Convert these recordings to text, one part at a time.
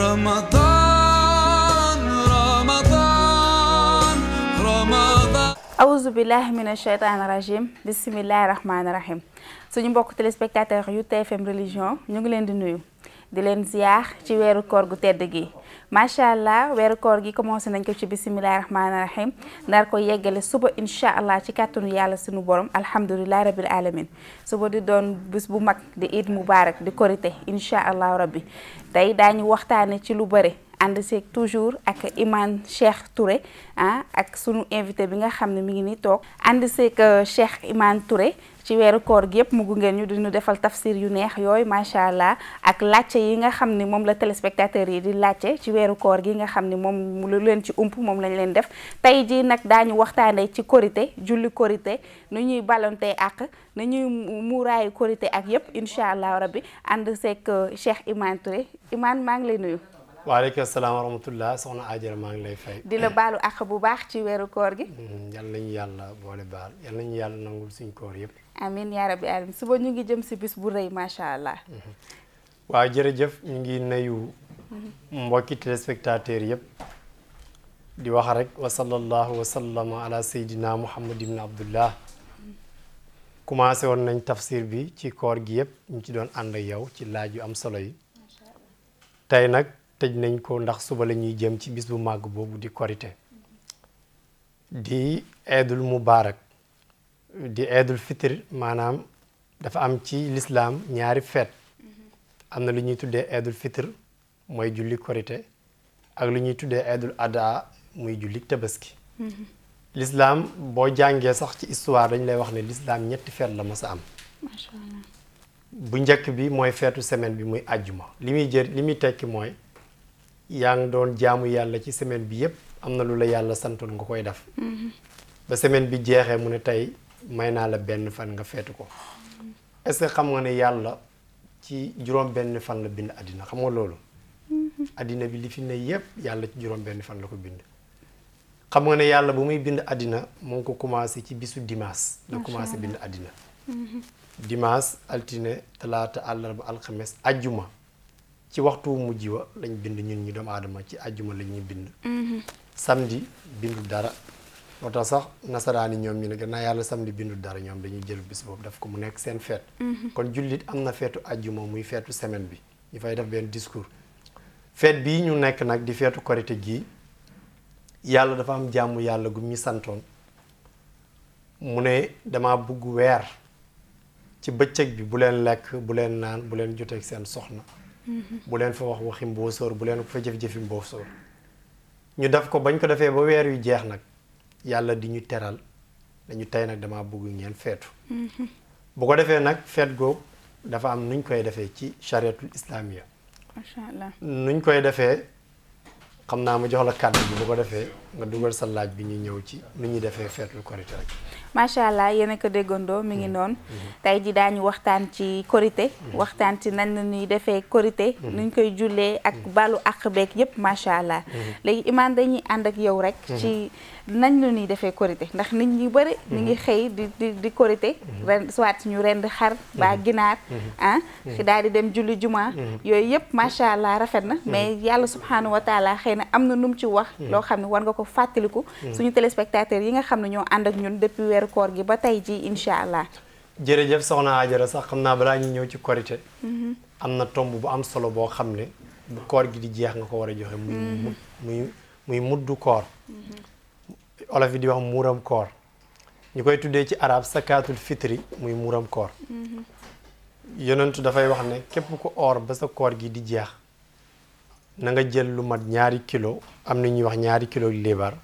رمضان رمضان رمضان awuzu billahi min asheytaani rajim bisimillahi rahmaani rahim suñu mbokk téléspectateur yu TFM religion ñu ngi leen di nuyu di leen ziar ci weeru koor gu tedd gi macha allah weeru koor gi commencé nañ ko ci bisimilah rahmaani rahim ndar ko yeggale suba incha allah ci kàttanu yàlla suñu borom alhamdulilah rabil alamin suba di doon bis bu mag di Eid Mubarak di korite incha allah rabbi tey daañu waxtaane ci lu bëri. ànd seeg toujours ak Imam Cheikh Touré ah ak sunu invité bi nga xam ne mu ngi ni toog ànd seeg euh, Cheikh Imam Touré ci weeru koor gi yëpp mu gungeen ñu diñu defal tafsir yu neex yooyu macha allah ak laajte yi nga xam ni moom la téléspectateurs yi di laajte ci weeru koor gi nga xam ni moom lu leen ci ump moom lañ leen def tey jii nag daañu waxtaanee ci korité julli korité nu ñuy balonte ak nu ñuy muuraayu korité ak yëpp incha allah rabbi ànd seeg euh, Cheikh Imane Touré Imane maa ngi lay nuyu waaleykum salaam wa rahmatullah soxna Ajara maa ngi lay fay. di la baalu àq bu baax ci weeru koor gi. Mm-hmm, yal nañu yàlla boole baal yal nañu yàlla nangul suñu koor yëpp. amiin yaa rabbi alamin suba ñu ngi jëm si bis bu rëy macha allah. Mm-hmm. waaw jërëjëf ñu ngi nuyu. Mm-hmm. mbokki téléspectateur yëpp. di wax rek wa sallallahu wa sallama ala sayyidina muhammad ibn abdullah. commencé woon nañ tafsir bi ci koor gi yëpp ñu ci doon ànd yow ci laaj yu am solo yi. tey nag. tëj nañ ko ndax suba la ñuy jëm ci bis bu màgg boobu di korite di eedul mubaarak di eedul fitir maanaam dafa am ci lislaam ñaari feet am na lu ñuy tuddee eedul fitir mooy julli korite ak lu ñuy tuddee eedul adaa muy julli tabaski lislaam boo jàngee sax ci histoire dañ lay wax ne lislaam ñetti feet la mas sa am bu njëkk bi mooy feetu semaine bi muy àjjuma li muy jër li muy tekki mooy yaa ngi doon jaamu yàlla ci semaine bi yépp am na lu la yàlla santoon nga koy def mm-hmm. ba semaine bi jeexee mu ne tey may naa la benn fan nga feetu ko est-ce que xam nga ne yàlla ci juróom benn fan la bind àddina xam nga loolu mm-hmm. àddina bi li fi ne yépp yàlla ci juróom fan la ko bind xam nga ne yàlla bu muy bind àddina mu ngi ko commencé ci bisu dimaas la commencé bind addina mm-hmm. dimanche altine talaata àllarba alxames ajjuma ci waxtu mujj wa lañ bind ñun ñu doomu aadama ci àjjuma la ñuy bind. Mm-hmm. samedi bindu dara. moo tax sax nasaraan yi ñoom ñu ne gannaaw yàlla samedi bindu dara ñoom dañuy jël bis boobu daf ko mu nekk seen feet. Mm-hmm. kon jullit am na feetu àjjuma muy feetu semaine bi ñu fay def benn discours. feet bii ñu nekk nag di feetu korite gii yàlla dafa am jàmm yàlla gum ñu santoon mu ne dama bugg weer ci bëccëg bi bu leen lekk bu leen naan bu leen joteeg seen soxna. bu leen fa wax waxi mbóosóor bu leen fa jëf-jëfi mbóosóor ñu def ko bañ ko defee ba weer yu jeex nag yàlla di ñu teral dañu tey nag dama bëgg ngeen feetu mm-hmm. bu ko defee nag feet googu dafa am nuñ koy defee ci chariatul islamiya macha allah nuñ koy defee xam naa ma jox la kàddu bi bu ko defee nga dugal sa laaj bi ñu ñëw ci nu ñuy defee feetul korite rek macha allah yéen a déggandoo mu ngi mm-hmm. noon mm-hmm. tey ji daañu waxtaan ci korité mm-hmm. waxtaan ci nan la ñuy defee korité nuñ koy jullee ak balu àq beeg yépp macha allah. léegi imaan dañuy ànd ak yow rek ci. nañ la ñuy defee korité ndax nit ñi bëri ñu ngi mhm. xëy di di di korité mhm. ren soit ñu rend xar mhm. baa ginaar ah daal di dem julli jumaa yooyu yëpp macha allah rafet na mais yàlla subhaanahu wa taala xëy na am na nu ci wax loo xam ne war nga ko fàttaliku suñu téléspectateurs yi nga xam ne ñoo ànd ak ñun depuis weeru koor gi ba tey ji incha allah jërëjëf soxna Ajara sax xam naa balaa ñu ñëw ci korité am na tomb bu am solo boo xam ne bu koor gi di jeex nga ko war a joxe muy muy muy koor olof yi di wax muuram koor ñu koy tuddee ci arab sakaatul fitri muy muuram koor yonentu dafay wax ne képp ko or ba sa koor gi di jeex na nga jël lu mat ñaari kilo am na ñuy wax ñaari kilo liibar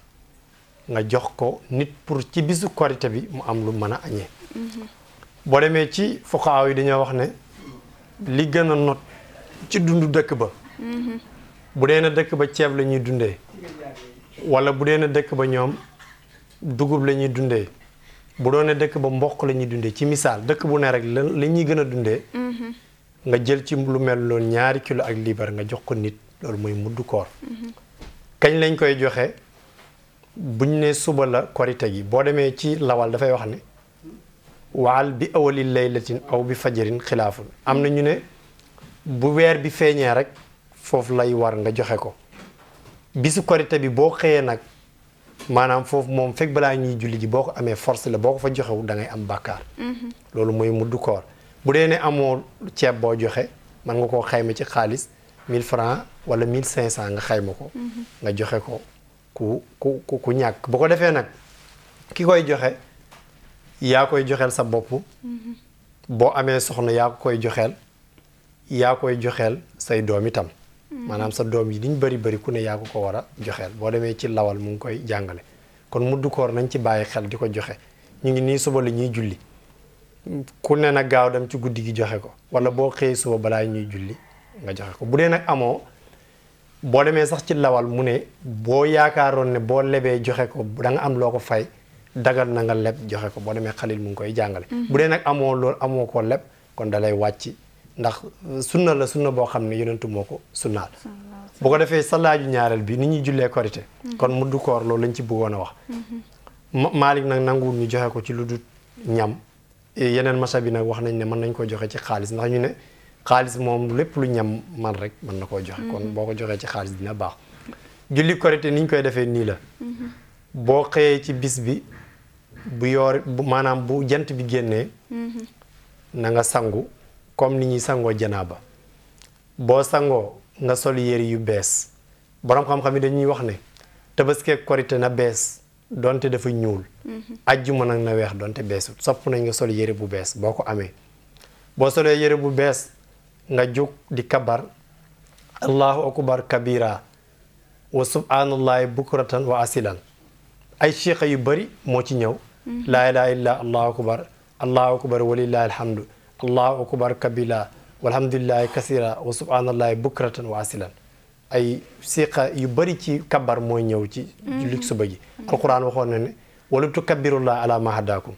nga jox ko nit pour ci bisu korite bi mu am lu mën a añee boo demee ci fuqaaw yi dañoo wax ne li gën a not ci dundu dëkk ba bu dee na dëkk ba ceeb la ñuy dundee wala bu dee na dëkk ba ñoom dugub la ñuy dundee bu doone dëkk ba mboq la ñuy dundee ci misaal dëkk bu ne rek la ñuy gën a dundee mm-hmm. nga jël ci lu mel noonu ñaari kilo ak liibar nga jox ko nit loolu mooy mudd koor mm-hmm. kañ lañ koy joxe buñ ne suba la korite gi boo demee ci lawal dafay wax ne waal bi awali laylatin aw bi fajarin xilaafun am na ñu ne bu weer bi feeñee rek foofu lay war nga joxe ko bisu korite bi boo xëyee nag maanaam foofu moom fekk balaa ñuy julli ji boo ko amee force la boo ko fa joxewu da am bàkkaar mhm. loolu mooy mudd koor bu dee ne amoo ceeb boo joxe mën nga koo xayma ci xaalis 1000 francs wala 1500 nga xayma ko mhm. nga joxe ko ku ku ku ñàkk bu ko defee nag ki koy joxe yaa koy joxeel sa bopp mhm. boo amee soxna yaa koy joxeel yaa koy joxeel say doom itam Hmm. maanaam sa doom yi liñ bëri bëri ku ne yaa ko ko war a joxeel boo demee ci lawal mu ngi koy jàngale kon muddu koor nañ ci bàyyi xel di ko joxe ñu ngi nii suba la ñuy julli ku ne nag gaaw dem ci guddi gi joxe ko wala boo xëyee suba balaa ñuy julli nga joxe ko bu dee nag amoo boo demee sax ci lawal mu ne boo yaakaaroon ne boo lebee joxe ko danga am loo ko fay daggal na nga leb joxe ko boo demee xalil mu ngi koy jàngale hmm. bu dee nag amoo loolu amoo ko ndax sunna la sunna boo xam ne yonentu moo ko sunnaal bu ko defee sa laaju ñaareel bi ni ñuy jullee korite mhm. kon muddu koor loolu lañ ci bëggoon a wax mhm. ma Maalik nag nanguwul ñu joxe ko ci lu du ñam eh, yeneen masa bi nag wax nañ ne mën nañ koo joxe ci xaalis ndax ñu ne xaalis moom lépp lu ñam man rek mën na koo joxe mhm. kon boo ko joxee ci xaalis dina baax julli korite ni ñu koy defee nii la boo xëyee ci bis bi bu yoor maanaam bu jant bi génnee na nga sangu comme ni ñuy sangoo janaa ba boo sangoo nga sol yére yu bees boroom xam-xam yi dañuy wax ne tabaskee korite na bees donte dafa ñuul mhm. ajjuma nag na weex donte beesut sopp nañ nga sol yére bu bees boo ko amee boo solee yére bu bees nga jóg di kabar allahu akbar kabira wa subhanallahi bukratan wa asilan ay cheikha yu bari moo ci ñëw mhm. laa ilaha illa allahu akbar allahu akbar walillahi alhamdu allahu akbar kabila walhamdulilahi kasira wa subhanallahi bukratan wa asilan ay siqa yu bëri ci kabar mooy ñëw ci mm-hmm. julli suba gi alquran waxoon na ne wala tukabbirullah ala ma hadakum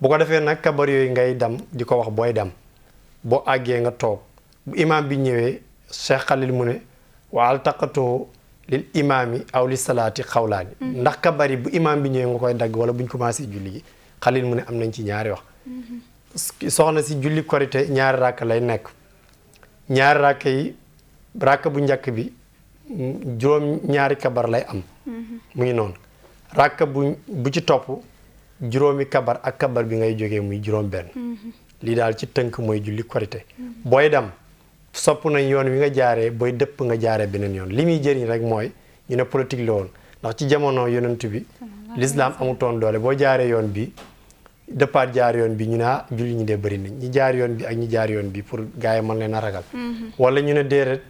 bu ko defee nag kabar yooyu ngay dem di ko wax booy dem boo àggee nga toog bu imaam bi ñëwee cheikh xalil mu ne wa altaqatuhu lil imaami aw li salaati xawlaani mm-hmm. ndax kabar bu imaam bi ñëwee nga koy dagg wala buñ commencé julli gi xalil mu ne am nañ ci soxna si julli korité ñaari ràkk lay nekk ñaari ràkk yi ràkk bu njëkk bi juróom ñaari kabar lay am mm-hmm. mu ngi noonu ràkk bu bu ci topp juróomi kabar ak kabar bi ngay jógee muy juróom benn mm-hmm. lii daal ci tënk mooy julli korité mm-hmm. booy dem sopp nañ yoon wi nga jaaree booy dëpp nga jaaree beneen yoon li muy jëriñ rek mooy ñu ne politique la woon ndax ci jamono yonent bi l'islam amutoon doole boo jaaree yoon bi dëppaat jaar yoon bi ñu ne ah julli ñi dee bëri nañ ñi jaar yoon bi ak ñi jaar yoon bi pour gars yi mën leen a ragal. Mm-hmm. wala ñu ne déedéet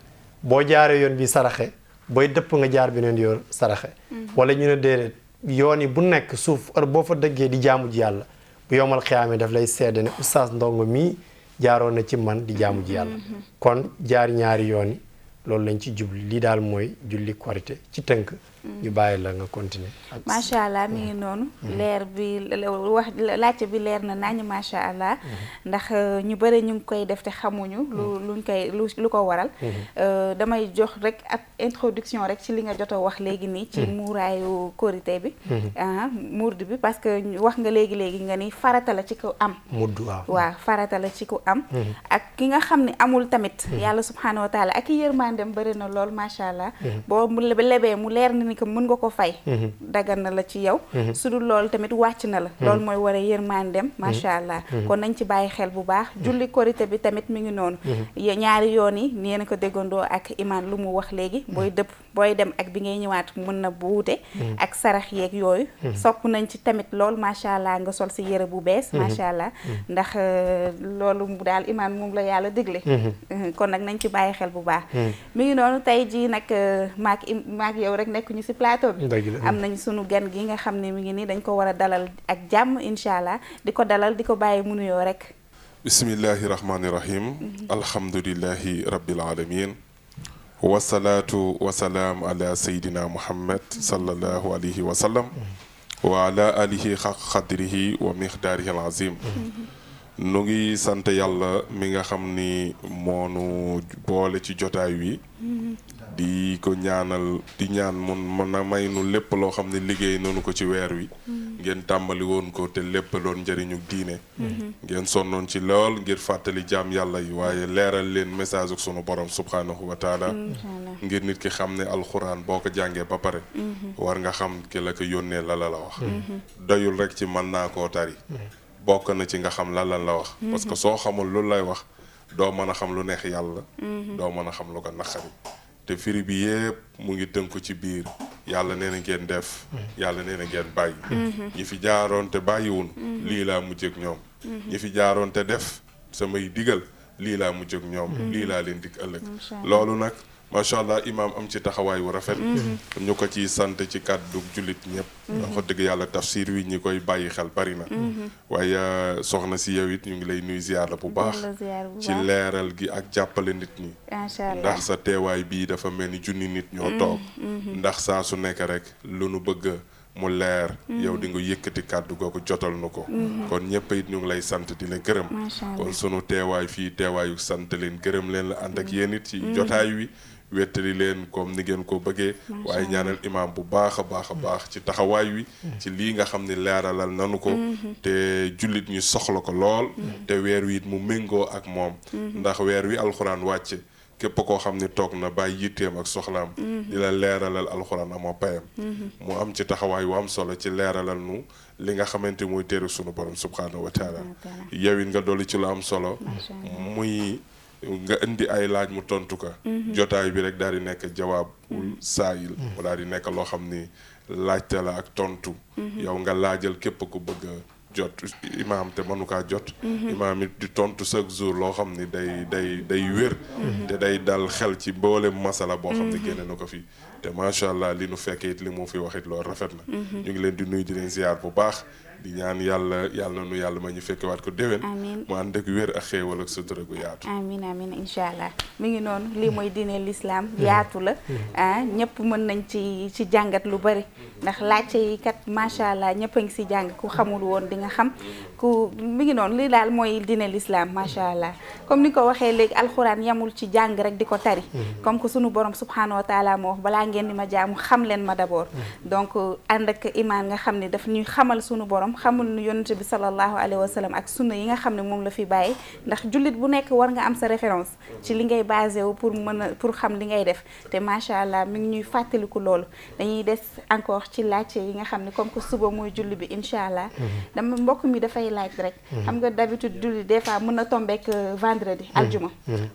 boo jaaree yoon bi saraxe booy dëpp nga jaar beneen yoon saraxe. Mm-hmm. wala ñu ne déedéet yoon yi bu nekk suuf boo fa dëggee di jaamu ji yàlla bu yomal xiyaame daf lay seede ne oustaz ndongo mii jaaroon na ci man di jaamu ji yàlla. Mm-hmm. kon jaar ñaari yoon yi loolu lañ ci jubli lii daal mooy julli korite ci tënk. ñu bàyyi la nga continuer. allah mi ngi noonu. Mm-hmm. Mm-hmm. leer bi wax laajte bi leer na nañu macha allah. Mm-hmm. ndax euh, ñu bëri ñu ngi koy def te xamuñu. lu luñ koy lu lu ko waral. Euh, damay jox rek ab introduction rek ci li nga jot wax léegi nii. ci muuraayu korité bi. murdu ah, bi parce que wax nga léegi léegi nga ni farata la ci ko am. muddu waaw waaw farata la ci ku am. ak ki nga xam ne amul tamit. yàlla subhanahu wa taala ak yërmandeem bëri na lool macha allah. boo lebee mu leer ni ni que mën nga ko fay mhm. dagan na la ci yow mhm. su dul loolu tamit wàcc na la mhm. loolu mooy war a dem macha allah kon nañ ci bàyyi xel bu baax julli korité bi tamit mu ngi noonu ñaari yoon yi nee na ko déggandoo ak imaan lu mu wax léegi booy dëpp booy dem ak bi ngay ñëwaat mën na bu ak sarax yeeg yooyu sopp nañ ci tamit lool macha allah nga sol si yére bu bees macha allah ndax euh, loolu daal imaan moom la yàlla digle kon nag nañ ci bàyyi xel bu baax mi ngi noonu ñu si plateau bi am nañ sunu gan gi nga xam ne mi ngi nii dañ ko war a dalal ak jàmm incha allah di ko dalal di ko bàyyi mu nuyoo rek bismillahi rahmaani rahim mhm. alhamdulillahi rabbil alamin wasalaatu wasalaam ala sayidina muhammad sallallahu alayhi wa sallam mhm. wa ala alihi xaq qadrihi wa miqdaarihi al azim mhm. nu ngi sant yàlla mi nga xam ni moonu boole ci jotaay wi mm-hmm. di ko ñaanal di ñaan mun mën a may nu lépp loo xam ne liggéey nanu ko ci weer wi mm-hmm. ngeen tàmbali woon ko te lépp doon njëriñu diine mm-hmm. ngeen sonnoon ci lool ngir fàttali jaam yàlla yi waaye leeral leen message ak sunu borom subhanahu wa ngir nit ki xam ne alxuraan boo ko jàngee ba pare war nga xam ki la ko yónnee lalal la wax doyul rek ci mën naa ko tari bokk na ci nga xam lan lan la wax. parce que mhm. soo xamul lu lay wax doo mën a xam lu neex yàlla. Mhm. doo mën a xam lu ko naqari. te firi bi yépp mu ngi tënku ci biir yàlla nee na ngeen def. Mhm. yàlla nee na ngeen bàyyi. ñi fi jaaroon te bàyyiwul. lii laa mujjee ak ñoom. ñi fi jaaroon te def samay digal lii laa mujjee ak ñoom. lii laa leen dig ëllëg loolu nag. macha allah imaam am ci taxawaay wu rafet. Mm-hmm. ñu ko ciy sant ci kàddu jullit ñëpp. Mm-hmm. wax dëgg yàlla tafsir wi ñi koy bàyyi xel bari na. Mm-hmm. waaye euh, soxna si yow it ñu ngi lay nuy si la bu baax. ci leeral gi ak jàppale nit ñi. ndax sa teewaay bii dafa mel ni junni nit ñoo toog. ndax saa su nekk rek lu nu bëgg. mu leer yow di nga yëkkati kàddu googu jotal nu ko kon ñëpp it ñu ngi lay sant di la gërëm kon sunu teewaay fii teewaayu sant leen gërëm leen la ànd yéen it ci jotaay wi wettali leen comme ni ngeen ko bëggee waaye ñaanal imaam bu baax a baax a baax ci taxawaay wi mm-hmm. ci lii nga xam ne leeralal nanu ko mm-hmm. te jullit ñu soxla ko lool mm-hmm. te weer wi it mu méngoo ak moom ndax weer wi alxuraan wàcce képp koo xam ne toog na bàyyi yitteem ak soxlaam di la leeralal alxuraan amoo payam mu am ci taxawaay wu am solo ci leeralal nu li nga xamante mooy téere sunu borom subhaanahu wa taala nga dolli ci lu am solo muy nga indi ay laaj mu tontu ka mhm. jotaay bi rek daal di nekk jawaab mhm. saayil mhm. mu daal di nekk loo xam ni laajte la ak tontu yow nga laajal képp ku bëgg jot imaam te mënu kaa jot imaam it di tontu chaque jour loo xam ni day day day wér te day dal xel ci boole masala boo xam ne génne na ko fii te macha allah li nu fekkee it li mu fi waxit loolu rafet na ñu ngi leen di nuyu di leen ziar bu baax di ñaan yàlla yàlla na nu yàlla ma ñu fekkewaat ko déwén. amiin mu ànd ak wér ak xéewal ak sutura gu yaatu. amiin amiin incha allah mi ngi noonu lii mooy diine l'islam yaatu la. Mm-hmm. Ah, ñëpp mën nañ ci ci jàngat lu bari. ndax laajte yi kat macha allah ñëpp a ngi si jàng ku xamul woon di nga xam ku mi ngi noonu lii daal mooy dina lislaam macha allah comme ni ko waxee léegi alxuraan yamul ci jàng rek di ko tari. Mm-hmm. comme que sunu borom subhanahu wa taala moo wax balaa ngeen di ma jaamu xam leen ma d' abord. Mm-hmm. donc ànd ak imaan nga xam ne daf ñuy xamal sunu borom xamul nu yonent bi sallallahu alayhi wa sallam ak sunna yi nga xam ne moom la fi bàyyi ndax jullit bu nekk war nga am sa référence ci li ngay basé wu pour mën a pour xam li ngay def te macha allah mi ngi ñuy fàttaliku loolu dañuy des encore. ci laajte yi nga xam ne comme que suba mooy julli bi incha allah. Mm-hmm. dama mbokk mi dafay laaj rek. Mm-hmm. xam nga d'habitude julli des fois mën na tombe ak euh, vendredi. Mm-hmm. aljuma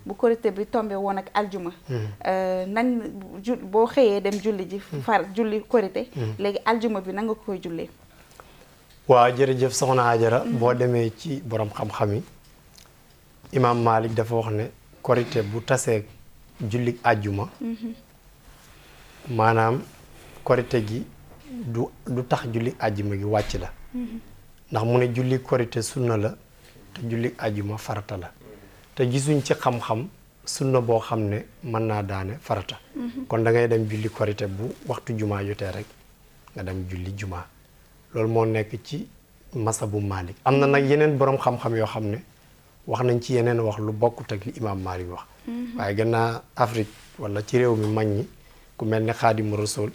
bu korité bi tombe woon ak aljuma. Euh, nan ju boo xëyee dem julli ji. far julli korité. léegi aljuma bi nan nga koy jullee. waaw jërëjëf soxna Ajara boo demee ci borom xam-xam yi imaam Malik dafa wax ne korité bu tasee jullik àjjuma maanaam korite gi du du tax julli àjjuma gi wàcc la mhm. ndax mu ne julli korite sunna la te julli àjjuma farata la te gisuñ ci xam-xam sunna boo xam ne mën naa daane farata mhm. kon dangay dem julli korite bu waxtu jumaa jotee rek nga dem julli jumaa loolu moo nekk ci masa bu Malik am na nag mhm. yeneen boroom xam-xam yoo xam ne wax nañ ci yeneen wax lu bokkut ak li imaam Malik wax waaye gannaaw Afrique wala ci réew mi mag ñi ku mel ne Xaadimu Rasuul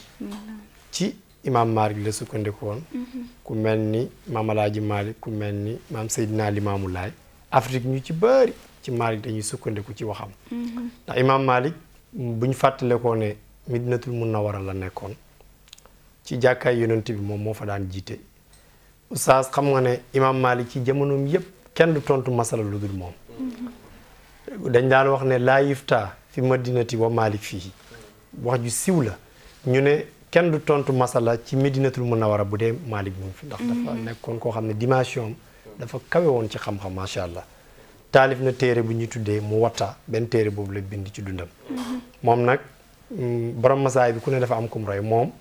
ci imaam Maalik la sukkandiku woon. Mhm. ku mel ni maam Alaaji Maalik ku mel ni maam Seydina Limaamu Laay Afrique ñu ci bëri ci Maalik dañuy sukkandiku ci waxam. Mhm. ndax imaam Maalik bu ñu fàttalikoo ne Madinatul Munawwara la nekkoon ci jàkkaay yonent bi moom moo fa daan jiite. Oustaz xam nga ne imaam Maalik ci jamonoom yëpp kenn du tontu masala lu dul moom. Mhm. dañ daan wax ne laa yifta fi madinati wa Maalik fii wax ju siw la ñu ne. kenn du tontu masala ci war a bu dee Malick mu ngi fi. ndax dafa mm-hmm. nekkoon koo xam ne dimension dafa kawe woon ci xam-xam macha allah. taalif na téere bu ñuy tuddee mu watta benn téere boobu la bind ci dundam. Mm-hmm. moom nag borom masaay bi ku ne dafa am kum roy moom.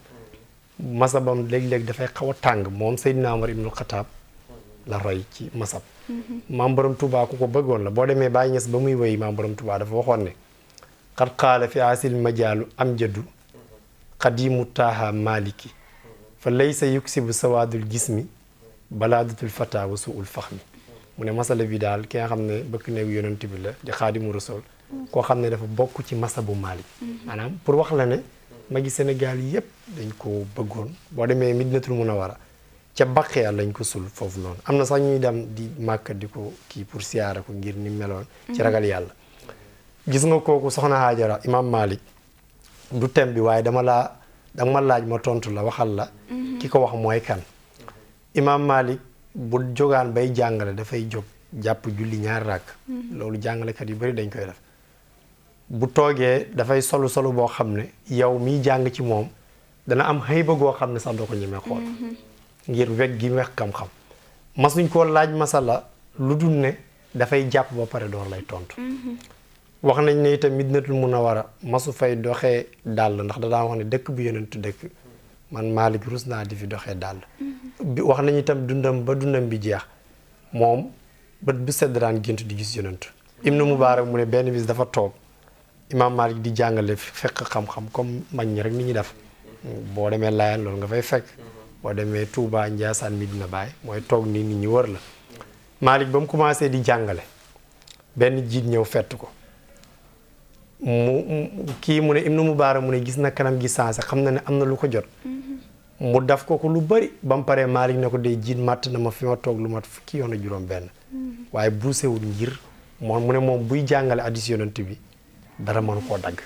masabam léeg-léeg dafay xaw a tàng moom Seydina Omar Ibnul Xataab la roy ci masab. Mm-hmm. maam borom Touba ku ko bëgg bëggoon la boo demee Baay Ñas ba muy wéy maam borom Touba dafa waxoon ne. xat xaala fi asil majaalu am jaddu xadimu taaha maliki fa laysa yuksibu sawaadul gismi balaadatul fata wa suul fahmi mu ne masala bi daal ki nga xam ne bëkk néegu yonent bi la di xaadimu rasul koo xam ne dafa bokk ci masa bu maalik maanaam pour wax la ne magi Sénégal yépp dañ ko bëggoon boo demee mun a Munawara ca Baqiya lañ ko sul foofu noonu am na sax ñuy dem di màkk di ko kii pour siyaara ko ngir ni meloon ci ragal yàlla gis nga kooku soxna Haajara imam Malik du thème bi waaye dama laa danga ma laaj ma tontu la waxal la. Mhm. ki ko wax mooy kan. imaam Malik bu jógaan bay jàngale dafay jóg jàpp julli ñaari ràkk. Mhm. loolu jàngalekat yu bari dañ koy def. bu toogee dafay solu solu boo xam ne yow miy jàng ci moom dana am xëyba goo xam ne sax doo ko ñemee xool. Mhm. ngir weg gi wex xam-xam. mas nuñ koo laaj masala lu dul ne dafay jàpp ba pare door lay tontu. wax nañ ne itam Madinatul Munawwara masu fay doxee dàll ndax da daa wax ne dëkk bu yonent dëkk man Malick rus naa di fi doxee dàll mhm. wax nañ itam dundam ba dundam bi jeex moom bët bu sedd daan gént di gis yonent Ibnu Mubaarak mu ne benn bis dafa toog Imaam Malick di jàngale fekk xam-xam comme mañ ñi rek ni ñuy def boo demee Layane loolu nga fay fekk mhm. boo demee Touba Ndiassane dina Baye mooy toog nii nit ñi wër la Malick ba mu commencé di jàngale benn jiit ñëw fett ko mu kii mu ne Ibnu Mubarak mu ne gis na kanam gi sansa xam na ne am na lu ko jot mm-hmm. mu daf ko ko lu bëri bam mu paree Malick ne ko day jiit matt na ma fi ma toog lu mat fukki yoon a juróom benn mm-hmm. waaye buuse wul ngir moom mu ne moom buy jàngale hadiis bi dara mën koo dagg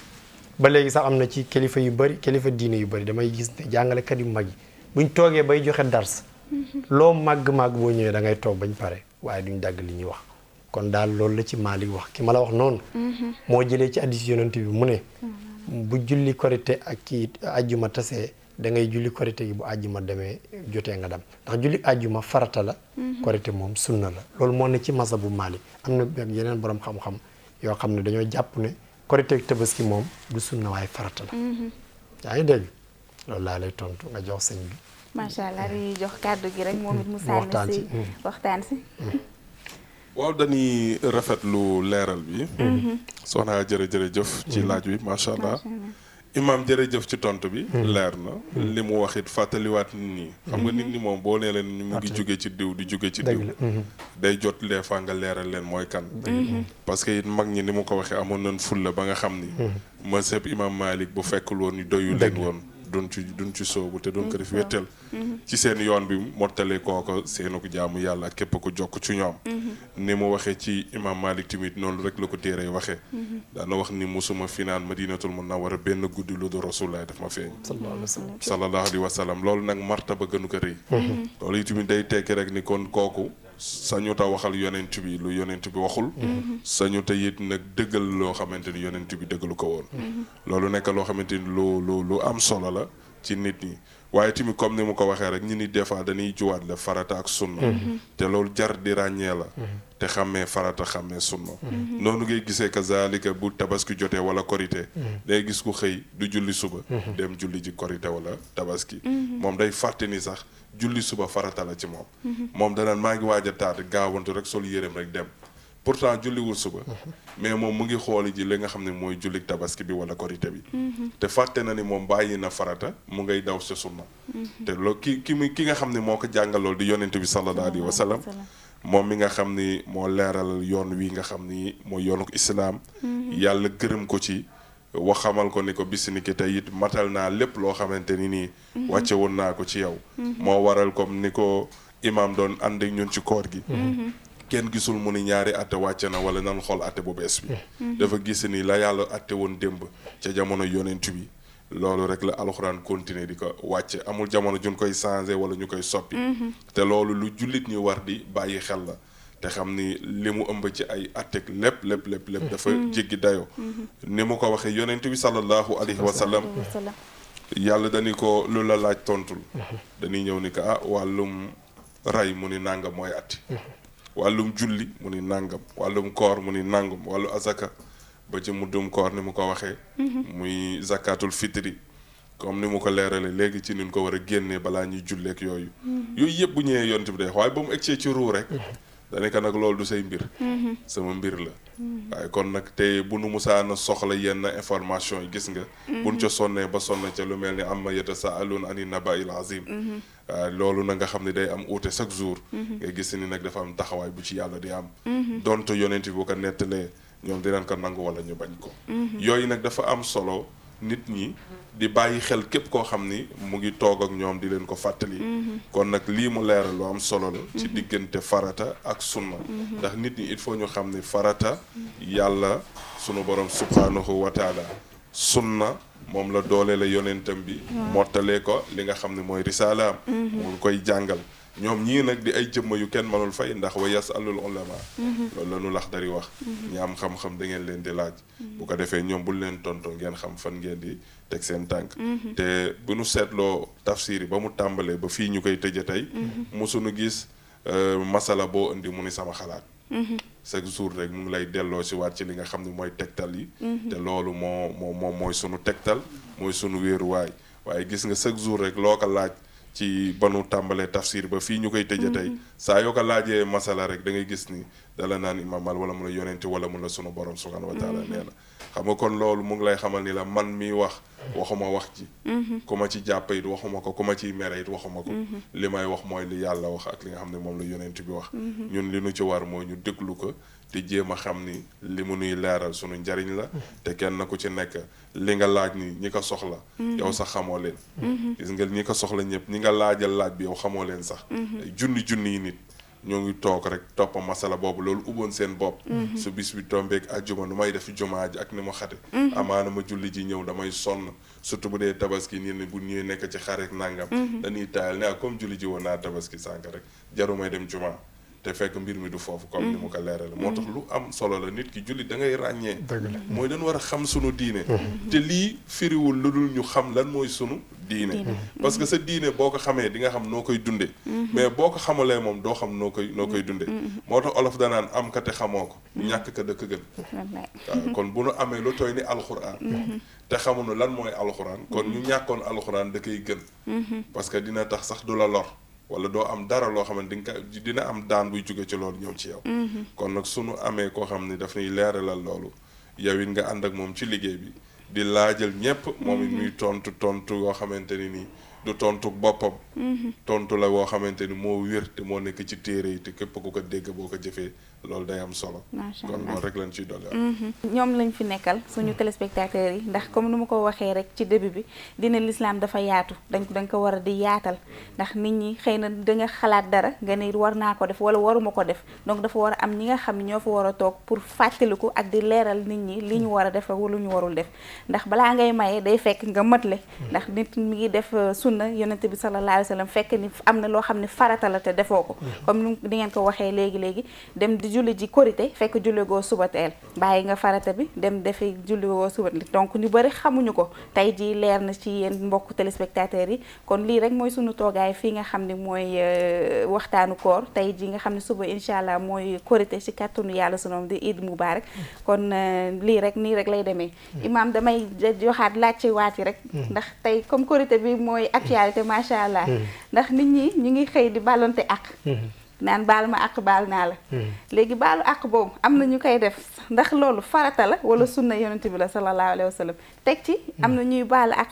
ba léegi sax am na ci kilifa yu bëri kilifa diine yu bëri damay gis ne jàngalekat yu mag yi buñ toogee bay joxe dars mm-hmm. loo màgg-màgg boo ñëwee da ngay toog bañ pare waaye duñ dagg li ñuy wax kon daal loolu la ci Maalik wax ki ma la wax noonu mm-hmm. moo jëlee ci hadiis bi mu ne mm-hmm. bu julli korite ak kii ajjuma tasee da ngay julli korite gi bu ajjuma demee jotee nga dem ndax julli ajjuma farata la mm-hmm. korite moom sunna la loolu moo ne ci masa bu Maalik am na yeneen borom xam-xam yoo xam ne dañoo jàpp ne korite tabaski moom du sunna waaye farata la yaa ngi dégg loolu laa lay tontu nga jox sëñ bi macha allah dañuy jox kàddu gi rek moom it mu sànni si mm. waxtaan si mm. waaw dañuy rafetlu leeral bi. Mhm. soxna jëf ci mhm. laaj bi macha allah. imaam jërëjëf ci tont bi. Mhm. leer na li mu wax it fàttaliwaat nit ñi. xam nga nit ñi moom boo nee leen mu ngi jóge ci diw di jóge ci diw. day jot les fois nga leeral leen mooy kan. parce que it mag ñi ni mu ko waxee amoon nañ fulla ba nga xam ni. ma sëb imaam Malik bu fekkul woon ni doyu leen woon. duñ ci duñ ci soobu te duñ ko def wéttal mm-hmm. ci seen yoon bi mottale kooko seenu ko jaamu yàlla ak képp ku jokk ci ñoom mm-hmm. ni mu waxee ci imam Malik tamit noonu rek la ko téere waxee mm-hmm. dana wax ni finaan musuma fi naan madinatul munawwara benn guddi lu du rasulullahi daf ma feeñ sallallahu alayhi wa sallam loolu nag martaba gënu ko rëy loolu itamit day tekki rek ni kon kooku sa ñu ta waxal yeneent bi lu yonent bi waxul sañu ta it nag dëggal loo xamante ni yonent bi dëggalu ko woon loolu nekk loo xamante ni lu lu lu am solo la ci nit ñi waaye tamit comme ni mu ko waxee rek ñu ni des fois dañuy juwaat la farata ak sunna mm-hmm. te loolu jar di ràññee la mm-hmm. te xàmmee farata xàmmee sunna mhm. noonu ngay gisee kazalika bu tabaski jotee wala korité mhm. day gis ku xëy du julli suba mhm. dem julli ji korité wala tabaski moom day fàtte ni sax julli suba farata la ci moom moom danaan maa ngi waaj gaawantu rek sol yéreem rek dem pourtant julliwul suba mais moom mu ngi xooli ji li nga xam ne mooy julli tabaski bi wala korité bi te fàtte na ni moom bàyyi na farata mu ngay daw sa sunna te loolu ki ki ki nga xam ne moo ko jàngalool di yonente bi sallallahu alayhi wa sallam moom mi nga xam ni moo leeral yoon wi nga xam ni moo yoonu islaam mhm. yàlla gërëm ko ci wax xamal ko ni ko bis ni tey it matal naa lépp loo xamante ni nii mhm. wàcce woon naa ko ci yow mhm. moo waral comme ni ko imaam doon ànd ñun ci koor gi kenn gisul mu ni ñaari atte wàcce na wala nan xool atte bu bees bi dafa gis ni la yàlla atte woon démb ca jamono yonent bi loolu rek la alxuraan continuer di ko wàcce amul jamono juñ koy changé wala ñu koy soppi mm-hmm. te loolu lu jullit ñi war di bàyyi xel la te xam ni li mu ëmb ci ay attek lépp lépp lépp lépp dafa mm-hmm. jéggi dayoo mm-hmm. ni mu ko waxee yonent bi sallallahu alayhi wa sallam yàlla dañu ko lu la laaj tontul dañuy ñëw ni ko ah wàllum rey mu ni nàngam mooy atti wàllum julli mu ni nàngam wàllum koor mu ni nàngam wàllu azaka ba ci muddum koor ni mu ko waxee mm-hmm. muy zakatul fitri comme ni mu ko leerale léegi ci ni ñu ko war a génnee balaa ñuy julleek yooyu mm-hmm. yooyu yëpp bu ñëwee yont bi day waaye ba mu egsee ci ruu rek mm-hmm. danaka nag loolu du say mbir sama mbir la waaye kon nag te bu nu musaana soxla yenn information yi gis nga buñ ca sonnee ba sonn ca lu mel ni am ma yatasaaluun ani nabail azim loolu na nga xam ne day am uute chaque jour nga gis ni nag dafa am taxawaay bu ci yàlla di am donte yonent bi ñoom leen ko nangu wala ñu bañ ko. Mhm. yooyu nag dafa am solo nit ñi. di bàyyi xel képp koo xam ni mu ngi toog ak ñoom di leen ko fàttali. Mhm. kon nag lii mu leer lu am solo la. ci mhm. diggante farata ak sunna. ndax nit ñi il faut ñu xam ni farata. yàlla sunu borom subhanahu wa taala sunna moom la doolee la yonentam bi. mottalee ko li nga xam ne mooy risaalaam. mu koy jàngal. ñoom ñii nag di ay jëmma yu kenn mënul fay ndax wa yasalul ulama mhm. loolu la ñu lax dari wax mhm. ñi am xam-xam da ngeen leen di laaj mhm. bu ko defee ñoom bul leen tontu ngeen xam fan ngeen di teg seen tànk te bu nu seetloo tafsir yi ba mu tàmbalee ba fii ñu koy tëje tey mosuñu gis euh, masala boo indi mu ni sama xalaat chaque jours rek mu ngi lay delloo si waat ci li nga xam ne mooy tegtal yi te loolu moo moo mooy sunu tegtal mooy sunu wéeruwaay waaye gis nga chaque jour rek loo ko laaj ci banu tàmbalee tafsir ba fii ñu koy tëje tey mm-hmm. saa yoo ko laajee masala rek da ngay gis ni dala naan imaamal wala mu la yonente wala mu la sunu borom subhanahu wa taala mm-hmm. nee xam nga kon loolu mu ngi lay xamal ni la man mi wax waxuma wax ji mm-hmm. ku ci jàpp it waxuma ko ku ciy mere it waxuma ko li may wax mooy li yàlla wax ak li nga xam ne moom la yonent bi wax ñun li nu ci war mooy ñu déglu ko te jéem a xam ni li mu nuy leeral sunu njariñ la te kenn ku ci nekk li nga laaj ni ñi ko soxla mm-hmm. yow sax xamoo leen mm-hmm. gis nga ñi ko soxla ñëpp ñi nga laajal laaj bi yow xamoo leen sax mm-hmm. junni junni yi nit ñoo ngi toog rek topp masala boobu loolu ubboon seen bopp su bis bi tombeek ajjuma nu may def jumaa ji ak ni mu xate amaana ma julli ji ñëw damay sonn surtout bu dee tabaski nii bu ñuy nekk ci xarit nangam dañuy taayal ne ak ah, comme julli ji woon naa tabaski sànk rek jaru may dem jumaa te fekk mbir mi du foofu comme ni mu ko leerale mm-hmm. moo tax lu am solo la nit ki jullit da ngay ràññee mooy dañ war a xam sunu diine mm-hmm. te lii firiwul lu dul ñu xam lan mooy sunu diine mm-hmm. parce que sa diine boo ko xamee di nga xam noo koy dundee mais boo ko xamalee moom doo xam noo koy noo koy dunde moo tax olof danaan am ka te xamoo ko ñàkk ka dëkk gën waaw kon bu nu amee lu tooy ni alxuraan te na lan mooy alxuraan kon ñu ñàkkoon alxuraan da koy gën parce que dina tax sax du la lor wala doo am dara loo xam ne di nga dina am daan buy jóge ci loolu ñëw ci yow. Mm-hmm. kon nag sunu amee koo xam ni daf ñuy leeralal loolu yow it nga ànd ak moom ci liggéey bi di laajal ñëpp. moom it mm-hmm. muy tontu tontu yoo xamante ni nii du tontu boppam. Mm-hmm. tontu la woo xamante ni moo wér te moo nekk ci téere yi te képp ku ko dégg boo ko jëfee. loolu day am solo. macha allah kon loolu rek lañ ciy dolli. Mm-hmm. ñoom lañ fi nekkal suñu mm-hmm. téléspectateurs yi ndax comme nu ma ko waxee rek ci début bi dina lislaam dafa yaatu dañ ko dañ ko war a di yaatal ndax nit ñi xëy na danga xalaat dara nga ne war naa ko def wala waruma ko def donc dafa war a am ñi nga xam ne ñoo fa war a toog pour fàttaliku ak di leeral nit ñi li ñu war a def ak lu ñu warul def ndax balaa ngay maye day fekk nga mëtle mm-hmm. ndax nit mi ngi def uh, sunna yonente bi sallallahu alayhi wa sallam fekk ni am na loo xam ne farata la te defoo ko comme ni ngeen ko waxee léegi léegi dem di julli ji korité fekk julli goo suba teel bàyyi nga farata bi dem defi julli goo suba teel donc ñu bëri xamuñu ko tey jii leer na ci yéen mbokku téléspectateurs yi kon lii rek mooy sunu toogaay fii nga xam ne mooy euh, waxtaanu koor tey jii nga xam ne suba incha allah mooy korité ci kàttanu yàlla sunoom di Eid Mubarak kon euh, lii rek nii rek lay demee imaam damay joxaat laajte waat yi rek hmm. ndax tey comme korité bi mooy actualité macha allah hmm. ndax nit ñi ñu ngi xëy di ballonte ak hmm. naan baal ma àq baal naa la. Hmm. léegi baalu àq boobu am na ñu koy def ndax loolu farata la wala sunna yonent bi la sallallahu alayhi wa teg ci. am na ñuy baalu àq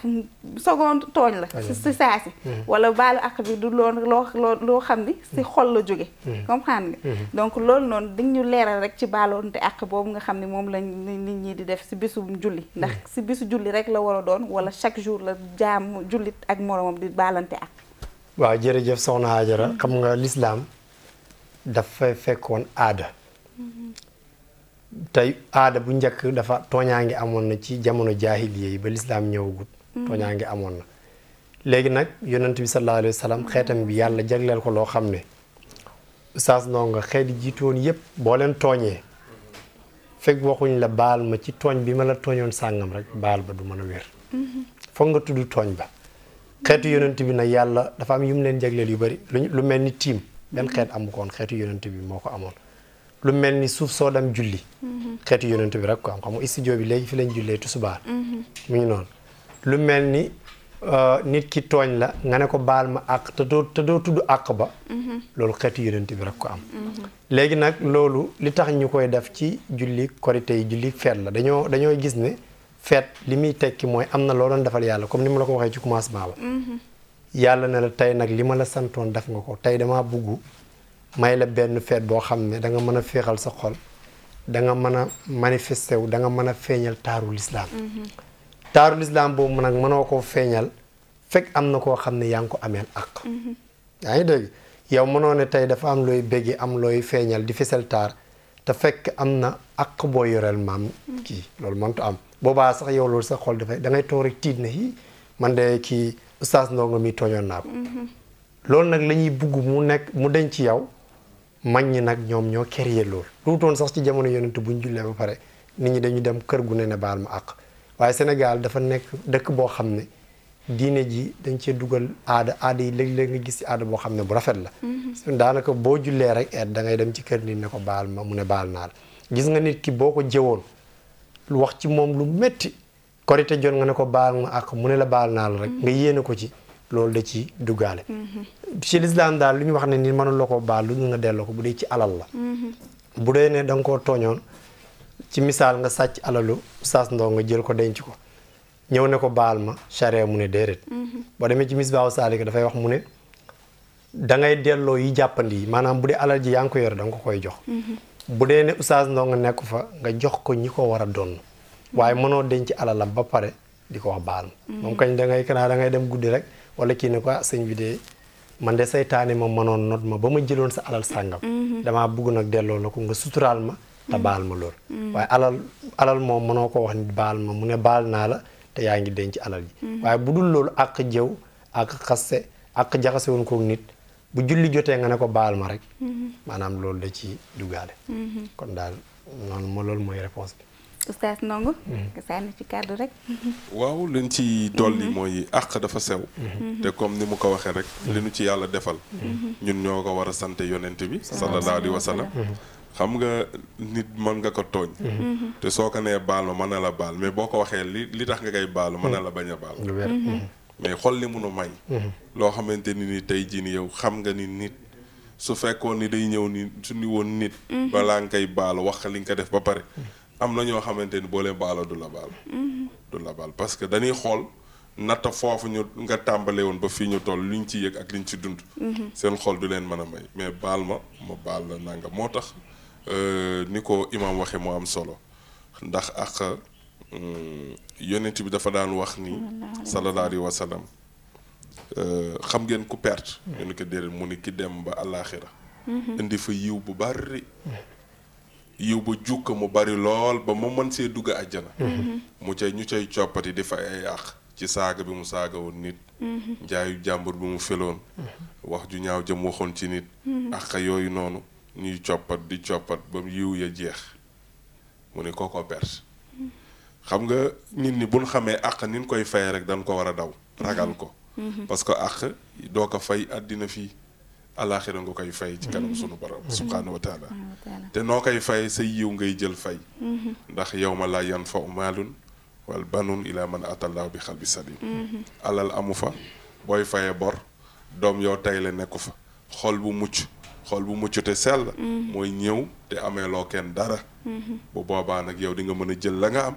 tooñ la. si hmm. wala baalu àq bi du loo loo xam ni si xol la jóge hmm. comprendre nga. donc loolu noonu dinga ñu leeral rek ci baaloonte àq boobu nga xam ni moom lañ nit ñi di def si bisu julli. ndax si bisu julli rek la war a doon wala chaque jour la jaam jullit ak moromam di baalante àq. waaw jërëjëf soxna Hajara xam nga lislaam dafay fekkoon aada tey aada bu njëkk dafa tooñaa ngi amoon na ci jamono jaahiliya yi ba lislaam ñëwagut mhm. ngi amoon na léegi nag yonent bi sallallahu alayhi wa xeetam bi yàlla jagleel ko loo xam ne saas noo nga xeet yi jiitoon yépp boo leen tooñee fekk waxuñ la baal ma ci tooñ bi ma la tooñoon sàngam rek baal ba du mën a wér mhm. foog nga tudd tooñ ba xeetu yonent bi nag yàlla dafa am yu mu leen jagleel yu bari lu mel ni tiim benn xeet amu ko xeetu yonent bi moo ko amoon lu mel ni suuf soo dem julli mhm. xeetu yonent bi rek ko am xam nga bi léegi fi lañ jullee tusubaar mhm. mu ngi noonu lu mel ni euh, nit ki tooñ la nga ne ko baal ma àq te doo te doo tudd àq ba mhm. loolu xeetu yonent bi rek ko am léegi nag loolu li tax ñu koy def ci julli korité yi julli feet la dañoo dañoo gis ne feet li muy tekki mooy am na loo doon defal yàlla comme ni mu la ko waxee ci commencement ba yàlla ne la tey nag li ma la santoon def nga ko tey damaa bugg may la benn feet boo xam ne da nga mën a féexal sa xol da nga mën a manifesté wu da nga mën a feeñal taaru lislaam mhm. taaru lislaam boobu nag mënoo koo feeñal fekk am na koo xam ne yaa ngi ko ameel ak mhm. yaa ngi dégg yow mënoo ne tey dafa am looy bégge am looy feeñal di fisal taar te fekk am na ak boo yoreel maam mhm. kii loolu mëntu am boobaa sax yow loolu sa xol dafay da ngay toog rek tiit na oustaz ndongo mi tooñoon naa ko loolu nag la ñuy bugg mu nekk mu denc ci yow mag ñi nag ñoom ñoo créé loolu duutoon sax ci jamono yonent bu ñu jullee ba pare nit ñi dañu dem kër gu ne ne baal ma àq waaye Sénégal dafa nekk dëkk boo xam ne diine ji dañ cee dugal aada aada yi léeg-léeg nga gis ci aada boo xam ne bu rafet la mm-hmm. daanaka boo jullee rek et eh, da ngay dem ci kër nit ne ko baal ma mu ne baal naa la gis nga nit ki boo ko jëwoon lu wax ci moom korite jot nga ne ko baal ma ak mu ne la baal naa la rek mm-hmm. nga yéene ko ci loolu da ci duggaale mm-hmm. ci lislaam daal lu ñu wax ne ni mënul la ko baal lu ñu nga delloo ko bu dee la mm-hmm. bu dee ne da nga koo ci misaal nga sàcc alalu saas ndoo nga ko denc ko ñëw ne ko baal ma charia mu ne déedéet boo demee ci misbaaw saalika dafay wax mu ne da ngay delloo yi jàppandi yi maanaam bu dee alal ji yaa yor da koy jox bu dee ne nekk fa nga jox ko ñi ko war a waaye mënoo denc alalam ba pare di ko wax baal moom kañ da ngay kanaa da ngay dem guddi rek wala kii ne ko ah, sañ bi de man de seytaane ma mënoon not ma ba ma jëloon sa alal sàngam mhm. damaa bugg nag delloo la ko nga suturaal ma te mhm. baal ma lool mhm. waaye alal alal moom mënoo ko wax nit baal ma mu ne baal naa te yaa ngi denc alal ji waaye bu loolu ak jëw ak xaste ak jaxase woon nit bu julli jotee nga ne ko baal ma rek maanaam loolu da ci duggaale kon daal noonu ma loolu mooy réponse bi oustaz Ndongo. Mhm. nga ci kàddu rek. waaw liñ ci dolli mooy àq dafa sew. Mhm. te comme ni mu ko waxee rek. Mhm. li nu ci yàlla defal. ñun ñoo ko war a sante yonent bi. sa sallallahu alayhi wa sallam. xam nga nit mën nga ko tooñ. te soo ko nee baalo ma mën na la baal mais boo ko waxee li li tax nga koy baal mën na la bañ a baal. mais xol li munu may. loo xamante ni ni tey jii ni yow xam nga ni nit. su fekkoon ni day ñëw ni su ni woon nit. balaa nga koy baalo wax li nga ko def ba pare. am na ñoo xamante ni boo leen baaloo du la baal. du la baal parce que dañuy xool natta foofu ñu nga tàmbale woon ba fii ñu toll liñ ci yëg ak liñ ci dund. seen xool du leen mën a may mais baal ma ma baal la nanga moo tax euh, ni ko imam waxee moo am solo ndax ak hmm, yonent bi dafa daan wax ni. sallallahu alayhi wa sallam euh, xam ngeen ku perte. ñu ne ko déedéet mu ne ki dem ba àllaaxira mm-hmm. indi fa yiw bu bari. yiw ba jukk mu bari lool ba mu mën see dugg àjjana mm-hmm. mu cay ñu cay coppati di fay ay ci saaga bi mu saaga woon nit mm-hmm. njaayu jàmbur bi mu feloon mm-hmm. wax ju ñaaw jëm waxoon ci nit àq yooyu noonu ñuy coppat di coppat ba yiw ya jeex mu ne ko perte xam nga nit ñi buñ xamee àq ni ñu koy fay rek dañ ko war a daw ragal ko parce que doo ko fay àddina fii alaaxira nga koy fay ci kanam sunu borom mm-hmm. subhaanahu mm-hmm. wa taala te noo koy fay sa yiw ngay jël fay mm-hmm. ndax yow ma laa yan fa maalun wal banun ila man atallaahu bi bi salim alal amu fa booy faye bor doom yow tay la nekku fa xol bu mucc xol bu mucc te sell mooy ñëw te amee loo kenn dara bu boobaa nag yow di nga mën a jël la nga am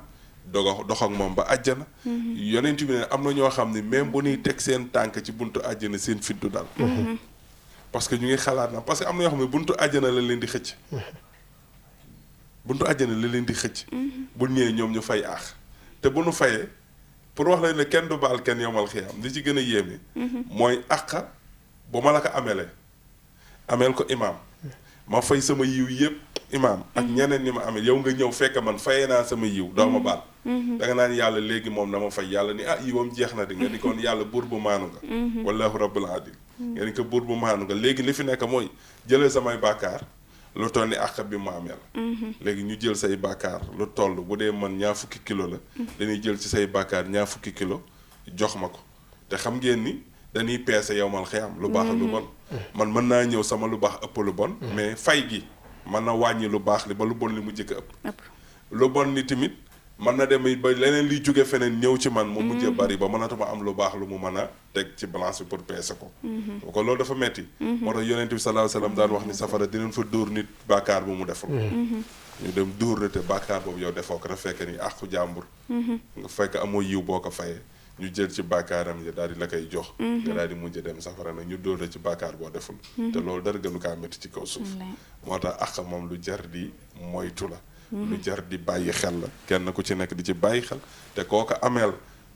doga dox moom ba àjjana yonent bi ne am na ñoo xam ne même bu ñuy teg seen tànk ci buntu àjjana seen fiddu dal parce que ñu ngi xalaat na parce que am na yoo xam ne buntu àjjana la leen di xëcc buntu àjjana leen di xëcc bu ñëwee ñoom ñu fay aax te bu nu fayee pour wax lañ ne kenn du baal kenn yomal xiyaam li ci gën a yéeme mooy àq bu ma la ko amelee ameel ko imaam ma fay sama yiw yëpp imaam ak ñeneen ñi ma amee yow nga ñëw fekk man fayee naa sama yiw doo ma baal danga naan yàlla léegi moom na ma fay yàlla ni ah yiwam jeex na di nga ni kon yàlla buur bu maanu nga mhm. wallahu rabbul adil ngeen ko buur bu maanu nga léegi li fi nekk mooy jëlee samay bàkkaar lu toll ni àq bi mu amee la mhm. léegi ñu jël say baakaar lu toll bu dee man ñaar fukki kilo la mhm. dañuy jël ci say bàkkaar ñaar fukki kilo jox ma ko te xam ngeen ni dañuy peese yow mal xiyam lu baax lu mhm. bon man mën naa ñëw sama lu baax ëpp lu bon mais fay gi mën na wàññi lu baax li ba lu bon li mu jëkk ëpp lu bon ni tamit man na dem ba leneen liy jóge feneen ñëw ci man. mu mm-hmm. mujjee bari ba mënatuma am lu baax lu mu mën a teg ci balance bi pour peese ko. kon mm-hmm. loolu dafa metti mm-hmm. moo tax yonent bi salaahu salaam daan wax ni safara dinañ fa dóor nit bàkkaar bu mu deful. ñu dem dóor la te bàkkaar boobu yow defoo ko dafa fekk ni àqu jàmbur. nga fekk amoo yiw boo ko fayee. ñu jël ci baakaaram ya daal di la koy jox. nga daal di mujj dem safara nag ñu dóor la ci bàkkaar boo deful. te loolu dara gënu kaa métti ci kaw suuf. moo tax àq moom lu jar di moytu la. lu mhm. jar di bàyyi xel la kenn ku ci nekk di ci bàyyi xel te koo ko ameel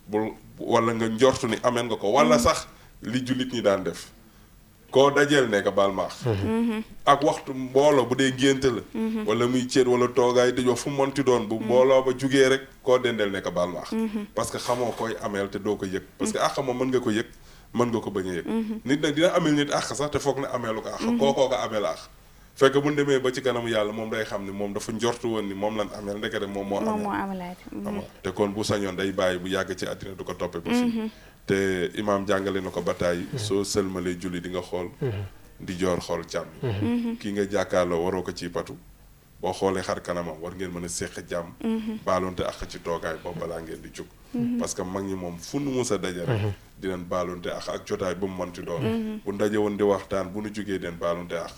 bul wala nga njortu ni ameel nga ko wala mhm. sax li jullit ñi daan def koo dajeel ne ko baal maax mhm. ak waxtu mbooloo bu dee ngénte la wala muy céet wala toogaay dëj wax fu monti doon bu mbooloo ba jugee rek koo dendeel ne ko baal maax parce que xamoo koy ameel te doo ko yëg parce que àq moom mën nga ko yëg mën nga ko bañ a yëg nit nag dina ameel nit àq sax te foog ne ameelu ko àq kookoo ko ameel fekk bu ñu demee ba ci kanam yàlla moom day xam ni moom dafa njortu woon ni moom lan amel ndekete moom moo amel ama mm-hmm. te kon bu sañoon day bàyyi bu yàgg ci àddina du ko toppee ba si mm-hmm. te imaam jàngale na ko ba tàyyi mm-hmm. soo sëlmalee julli di nga xool di joor xool càmm ki nga jàkkaarloo waroo ko ciy patu boo xoolee xar kanamam war ngeen mën a seq jàmm mhm. baalonte ak ci toogaay boobu balaa ngeen di jug mhm. parce que mag ñi moom fu nu mu a daje rek mhm. dinañ baalonte ak ak jotaay ba mu manti doon bu ndaje woon di waxtaan bu nu jógee den baalonte ak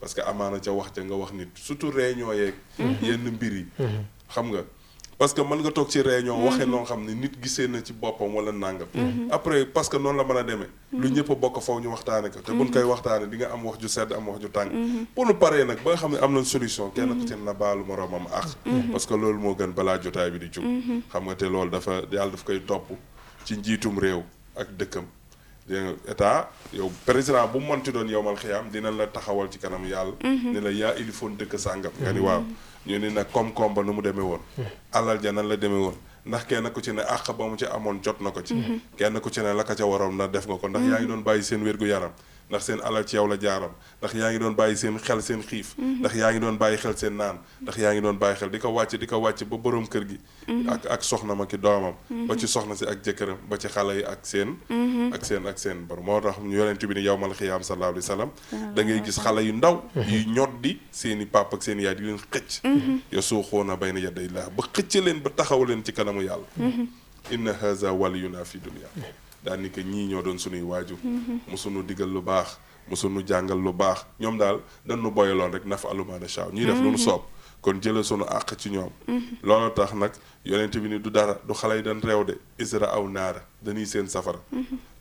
parce que amaana ca wax ja nga wax nit surtout réunion yeeg yenn mbir yi xam nga parce que mën nga toog ci réunion waxee mhm. noo xam ni nit gisee na ci boppam wala nàngam mhm. mhm. après parce que noonu la mën a demee lu ñëpp a bokk faw ñu waxtaane ko te buñ koy waxtaane di nga am wax ju sedd am wax ju tàng pour nu paree nag ba nga xam ne am na solution kenn ku ci na baalu moroomam ak parce que loolu moo gën balaa jotaay bi di jub xam nga te loolu dafa yàlla daf koy topp ci njiitum réew ak dëkkam dégg yow président bu mu mënti doon yow mal xiyaam dina la taxawal ci kanam yàlla. ne la yaa ilifoon dëkk sàngam. nga ñu ni nag koom-koom ba nu mu demee woon hmm. alal ja nan la demee woon ndax kenn ku ci ne àq ba mu ci amoon jot na ko ci hmm. kenn ku ci ne la ka ca waroon na def nga ko ndax hmm. yaa ngi doon bàyyi seen wér gu yaram ndax seen alal ci yow la jaaroon ndax yaa ngi doon bàyyi seen xel seen xiif mm-hmm. ndax yaa ngi doon bàyyi xel seen naan ndax yaa ngi doon bàyyi xel di ko wàcc di ko wàcc ba boroom kër gi mm-hmm. ak ak soxna ma ki doomam mm-hmm. ba ci soxna si ak jëkkëram ba ci xale yi ak seen ak seen ak seen bor moo tax ñu yonent bi ni yow mal xiyaam sallallahu alayhi wa sallam ah. da ngay gis xale yu ndaw yu ñoddi seeni i pap ak seen yaay di leen xëcc ya suuxoona bay na yadda illah ba xëcc leen ba taxaw leen ci kanamu yàlla inna haza waliyuna fi dunya daal ni ñii ñoo doon suñuy waajur mosuñu mhm. diggal lu baax mosuñu jàngal lu baax ñoom daal dañu boyaloon rek naf alumaana chaaw ñuy def lu nu mhm. soob kon jëlal sunu àq ci ñoom mhm. loolu tax nag yonent bi ni du dara du xale yi dañ réew de isra aw naara dañuy seen safara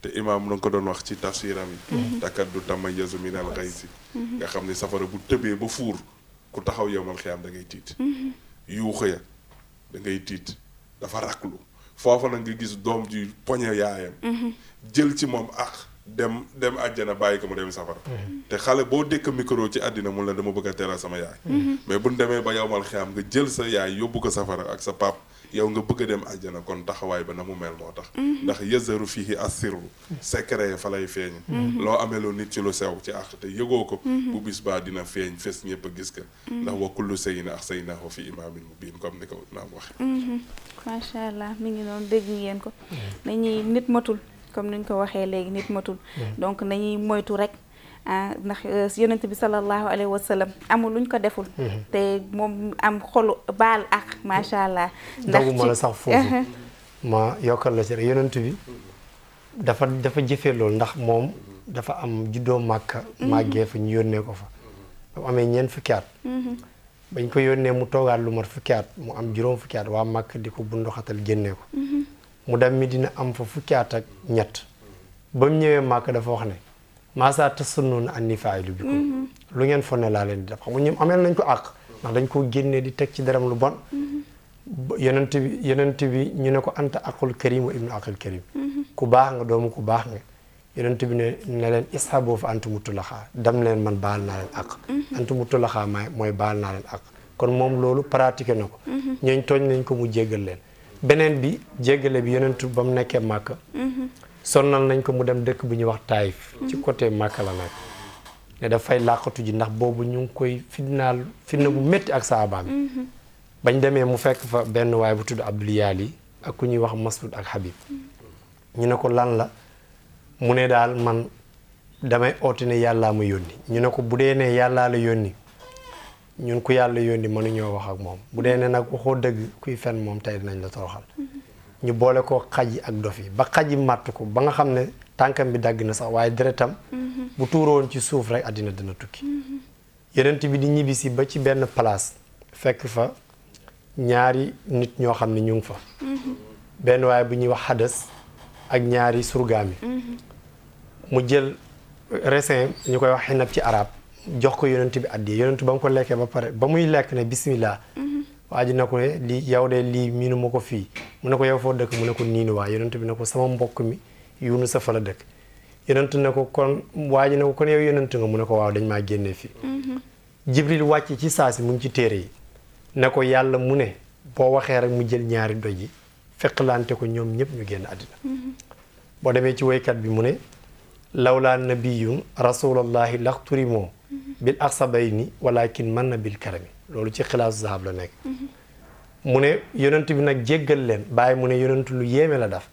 te imaam na ko doon wax ci tafsiram yi takat du tamayazu minal gaysi nga xam ne safara bu tëbee ba fuur ku taxaw yowmal xiyaam da ngay tiit yuuxa ya da ngay tiit dafa raklu foofa nag nga gis doom ji poñe yaayam jël ci moom ak dem dem àjjana bàyyi ko mu dem safara mhm. te xale boo dëkk micro ci àddina mun la dama bëgg a teral sama yaay mhm. mais bu ñu demee ba yow mal xiyam nga jël sa yaay yóbbu ko safara ak sa pap yow nga bëgg a dem àjjana kon taxawaay ba na mu mel moo tax mhm. ndax yëzaru fihi assiru secret fa lay feeñ mhm. loo ameelu nit ci lu sew ci àq te yëgoo ko mhm. bu bis baa dina feeñ fes ñëpp a gis ko ndax wa kullu sayin ahsaynahu fi imaamin mubin comme ni ko naam waxe macha allah mi ngi noonu dégg ngeen ko nañuy nit matul comme niñ ko waxee léegi nit matul donc nañuy moytu rek ah ndax euh, yonent bi sallallahu alayhi wa sallam amul luñ ko deful. Mhm. te moom am xolu baal ak macha allah. ndax ci la sax foofu uh-huh. ma yokkal bi dafa dafa jëfee ndax moom dafa am juddoo màkka. Mhm. màggee fa ñu yónnee ko fa. mu amee ñeent fukki at. Mhm. bañ ko yónnee mu toogaat lu mat fukki at mu am juróom fukki at waa màkk di ko bundoxatal génnee ko. mu dem mi dina am fa fukki at ak ñett ba mu ñëwee màkk dafa wax ne. maasaa tasannoon anni faayilu bikum mm-hmm. lu ngeen fonne laa leen di def xam nga ñoom ameel nañ ko ak ndax dañ koo génnee di teg ci deram lu bon mm-hmm. yonent bi yonent bi ñu ne ko anta aqul karim wa ibnu aqul karim mm-hmm. ku baax nga doomu ku baax nga yonent bi ne ne leen ishabu fa antu mutulaxaa dam leen man baal naa leen àq antu mutulaxaa maay mooy baal naa leen ak kon moom loolu pratiqué na ko ñooñ tooñ nañ ko mu jéggal leen beneen bi jéggale bi yonent ba mu nekkee màkk sonnal nañ ko mu dem dëkk bu ñuy wax Taïf mm-hmm. ci côté Makka la nag ne dafay làqatu ji ndax boobu ñu ngi koy fitnaal fitna bu métti ak saabaam mm-hmm. bañ demee mu fekk fa benn waay bu tudd Abdul Yaali ak ku ñuy wax Masud ak Habib mm-hmm. ne ko lan la mu ne daal man damay oote ne yàllaa ma yónni ñu ne ko bu dee nee yàllaa la yónni ñun ku yàlla yónni mënuñoo wax ak moom bu dee nee nag waxoo dëgg kuy fen moom tey nañ la toroxal ñu boole koo xaj yi ak dof yi ba xaj yi màtt ko ba nga xam ne tànkam bi dagg na sax waaye deretam bu woon ci suuf rek àddina dina tukki yonent bi di ñibbisi ba ci benn place fekk fa ñaari nit ñoo xam ne ñu ngi fa benn waaye bu ñuy wax xadas ak ñaari surgaam yi mu jël raisin ñu koy wax xinab ci arab jox ko yonent bi addi yonent ba mu ko lekkee ba pare ba muy lekk ne bismillah waa na ko ne eh, lii yow de lii miinu ma ko fii mu ne ko yow foo dëkk mu ne ko niinu waa yonent bi na ko sama mbokk mi yunu sa fa la dëkk yonent ne ko kon waa ji ne ko kon yow yonent nga mu ne ko waaw dañ maa génne fii mhm. jibril wàcc ci saa si mu ngi ci téere yi ne ko yàlla mu ne boo waxee rek mu jël ñaari doj yi feqlante ko ñoom ñëpp ñu génn àddina mhm. boo demee ci woykat bi mu ne law lawlaa nabiyun rasulallahi laxturi moo mhm. bil axsabay ni walakin man na bil karami loolu ci xilaas zahab la nekk mu ne yonent bi nag jéggal leen bàyyi mu ne yonent lu yéeme la daf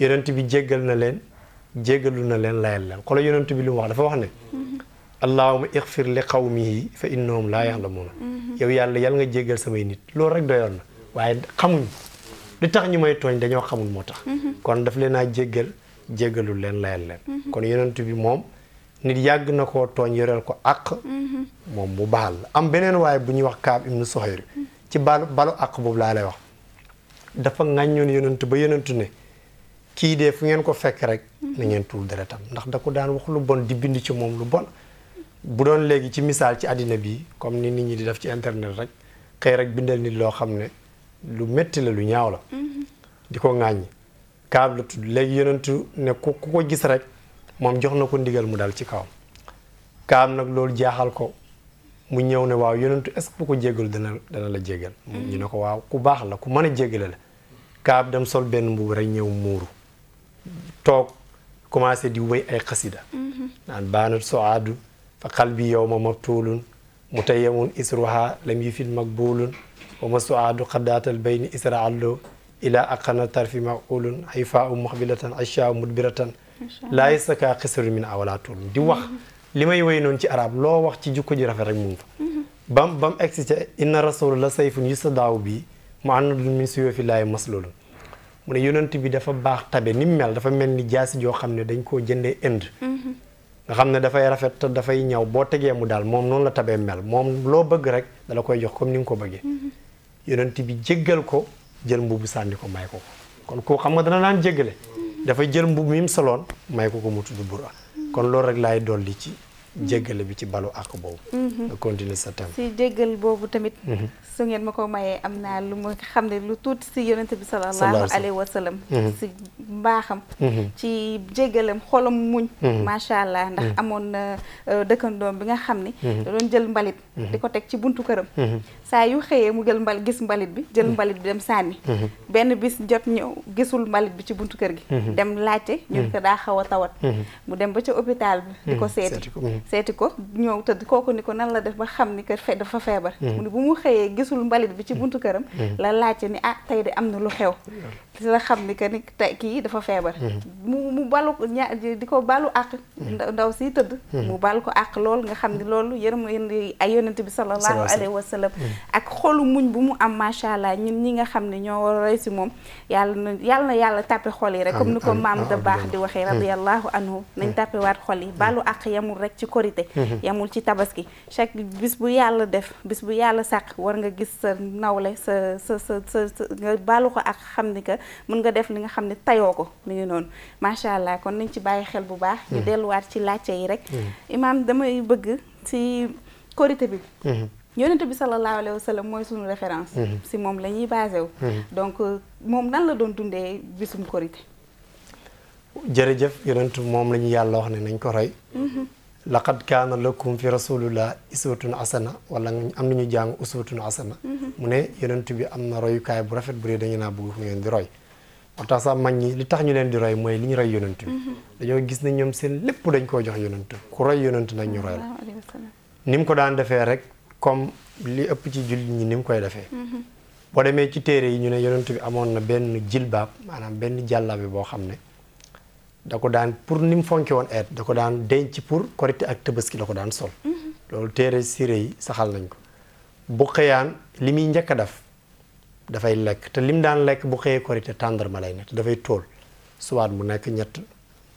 yonent bi jéggal na leen jéggalu na leen layal leen xoolal yonent bi li mu wax dafa wax ne allahuma ixfir li qawmihi fa innahum laa yaxlamuuna yow yàlla yàlla nga jéggal samay nit loolu rek dayoon na waaye xamuñ li tax ñu may tooñ dañoo xamul moo tax mhm. kon daf leen naa jéggal jéggalul leen layal leen mhm. kon yonent bi moom nit yàgg na koo tooñ yoreel ko ak mhm. moom mu la am beneen waaye bu ñuy wax Kaab ibnu Soxayr ci balu balu àq boobu laa lay wax dafa ŋàññoon yonent ba yonent ne kii dee fu ngeen ko fekk rek mhm. na ngeen tuur deretam ndax da ko daan wax bon di bind ci moom lu bon bu doon léegi ci misaal ci àddina bi comme ni nit ñi di def ci internet rek xëy rek bindal nit loo xam ne lu métti la lu ñaaw la mhm. di ko ŋàññi kaab la tudd léegi yonentu ne ku ko gis rek moom jox na ko ndigal mu daal ci kawam kaam nag loolu jaaxal ko mu ñëw ne waaw yonentu est-ce que bu ko jéggal dana dana la jéggal mm. ñu ne ko waaw ku baax la ku mën a jéggale la kaab dem sol benn mbubu ñëw muuru toog commencé di wéy ay xasida mm-hmm. naan baanat soaadu fa qalbi yowma mabtuulun mu tayamun isruha lam yufil maqbulun wa ma soaadu xadaatal bayni isra allo ila aqana tarfi fa xayfa u muxbilatan acha mudbiratan laa yasaka xisru min awlaatun di wax li may woy noonu ci arab loo wax ci jukko ji rafet rek mu ngi fa bam bam egsi ca inna rasulu la sayfun yu sa daaw bi mu àndul min suyoo fi laay masloolu mu ne yonent bi dafa baax tabe ni mu mel dafa mel ni jaasi joo xam ne dañ koo jëndee ind nga xam ne dafay rafet dafay ñaw boo tegee mu daal moom noonu la tabe mel moom loo bëgg rek dala koy jox comme ni nga ko bëggee yonent bi jéggal ko jël mbubu sànni ko may ko dafa jël mbubb mi sa soloon may ko ko mu tudd Buraan kon loolu rek laay dolli ci jéggale bi ci balo ak boobu mhm. nga continuer sa tam si jéggal boobu tamit mhm. su ngeen ma ko mayee am naa lu ma xam ne lu tuuti si yonente bi sallallahu alayhi wa sallam mhm. si mbaaxam ci jéggalam xolam muñ macha allah ndax amoon na euh, dëkkandoom bi nga xam ne da jël mbalit Mm-hmm. di ko teg ci buntu këram mm-hmm. saa yu xëyee mu jël mbal gis mbalit bi jël mm-hmm. mbalit bi dem sànni benn bis jot ñëw gisul mbalit bi ci buntu kër gi dem laajte ñu ko daa xaw a tawat mu dem ba ca hôpital bi di ko seeti seeti ko ñëw tëdd kooku ni ko nan la def ba xam ni que fe dafa feebar bu mu xëyee gisul mbalit bi ci buntu këram la laajte ni ah tey de am na lu xew ci la xam ni que ni tey kii dafa feebar. Mhm. mu mu balu ña di ko balu àq. Mhm. ndaw si tëdd. Mhm. mu balu ko àq lool nga xam ni loolu yërëm yéen ay yonent bi sallallahu alayhi wa sallam. ak xolu bu mu am macha allah ñun ñi nga xam ne ñoo war a roy si moom yàlla na yàlla yàlla tàppe xol yi rek. comme ni ko maam da baax di waxee. radiyallahu anhu nañ tàppewaat xol yi balu àq yamul rek ci korité yamul ci tabaski chaque bis bu yàlla def bis bu yàlla sàq war nga gis sa nawle sa sa sa sa nga balu ko àq xam ni que. mën nga def li nga xam ne tayoo ko mi ngi noonu macha allah kon nañ ci bàyyi xel bu baax ñu hmm. delluwaat ci laajte yi rek hmm. imaam damay bëgg si korité bi hmm. yonente bi sallallahu alayhi wa mooy suñu référence si moom la ñuy basé donc euh, moom nan la doon dundee bisum korité jërëjëf yonent moom la ñu yàlla wax ne nañ koroy laqad kaana lakum fi rasulillah uswatun asana wala am na nañu jàng uswatun asana mhm. mu ne yonent bi am na royukaay bu rafet bu dee dañu naa bëgg fu ngeen di roy moo ñi li tax ñu leen di roy mooy li ñu roy yonent bi mhm. dañoo gis ne ñoom seen lépp dañ koo jox yonent ku roy yonent nag ñu roy la ni mu ko daan defee rek comme li ëpp ci jullit ñi ni koy defee mhm. boo demee ci téere yi ñu ne yonent bi amoon na benn jilbaab maanaam benn jàllaabe boo xam ne da daan pour ni mu fonke woon eet da ko daan denc pour korite ak tëbaski la ko daan sol loolu téere siré yi saxal nañ ko bu xëyaan li muy njëkk a def dafay lekk te li mu daan lekk bu xëyee korite tàndarma lay nekk dafay tool suwaat mu nekk ñett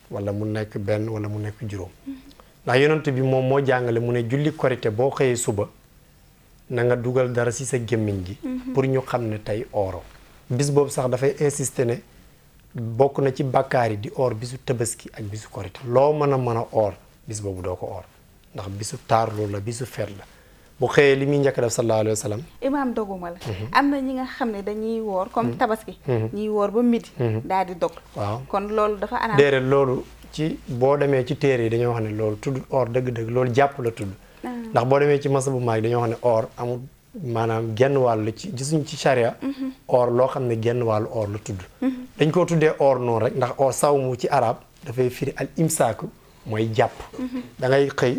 wala mu nekk benn wala mu nekk juróom ndax yonent bi moom moo jàngale mu ne julli korite boo xëyee suba na nga dugal dara si sa gémmiñ gi mhm. pour ñu xam ne tey oro bis boobu sax dafay insister ne bokk na ci bàkkaar yi di or bisu tabaski ak bisu korite loo mën a mën a or bis boobu doo ko or ndax bisu taarlu la bisu feet la bu xëyee li muy njëkk def sallallahu alayhi wa sallam imaam doguma la mhm. am na ñi nga xam ne dañuy woor comme mhm. tabaski mhm. ñuy woor ba midi daal di dog waaw kon loolu dafa anaam déedéet loolu ci boo demee ci téere yi dañoo wax ne loolu tudd or dëgg-dëgg loolu jàpp la tudd ah. ndax boo demee ci masa bu dañoo wax ne or amul maanaam genn wàllu ci gisuñ ci charia mm-hmm. or loo xam ne genn wàllu or la tudd mm-hmm. dañ koo tuddee or noonu rek ndax or sawmu ci arab dafay firi al imsaaku mooy jàpp mm-hmm. dangay xëy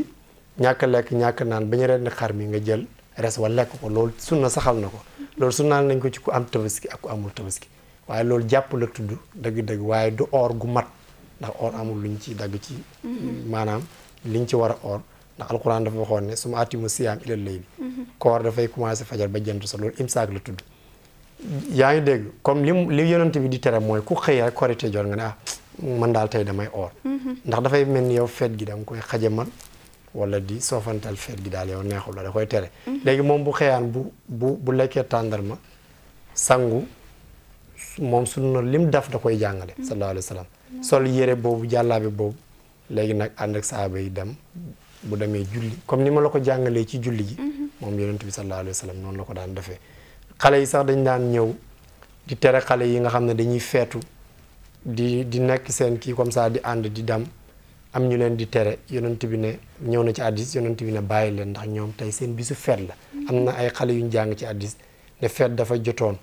ñàkk lekk ñàkk naan ba ñu rendi xar mi nga jël res wa lekk ko loolu sunna saxal na ko loolu sunnaal nañ ko ci ku am tabaski ak ku amul tabaski waaye loolu jàpp la tudd dëgg-dëgg waaye du or gu mat ndax or amul luñ ci dagg ci maanaam liñ ci war a or ndax alquran dafa waxoon ne su ma atimu siyaam ilal lay bi mhm. koor dafay commencé fajar ba jant sa loolu imsaak la tudd yaa ngi dégg comme li li yonent bi di tere mooy ku xëy rek korite jot nga ne ah man daal tey damay oor mhm. ndax dafay mel ni yow feet gi da nga koy xajamal wala di soofantal feet gi daal yow neexul la da koy tere mhm. léegi moom bu xëyaan bu bu bu lekkee tàndarma sangu moom sunna lim daf da koy jàngale sallallahu alayhi wa sol yére boobu jàllaabe boobu léegi nag ànd ak saaba dem bu demee julli comme ni ma la ko jàngalee ci julli gi mhm. moom yonent bi sallallahu alayhi wa sallam noonu la ko daan defee xale yi sax dañ daan ñëw di tere xale yi nga xam ne dañuy feetu di di nekk seen kii comme ça di ànd di dem am ñu leen di tere yonent bi ne ñëw na ci addis yonent bi ne bàyyi leen ndax ñoom tey seen bisu feet la mhm. am na ay xale yuñ jàng ci addis ne feet dafa jotoon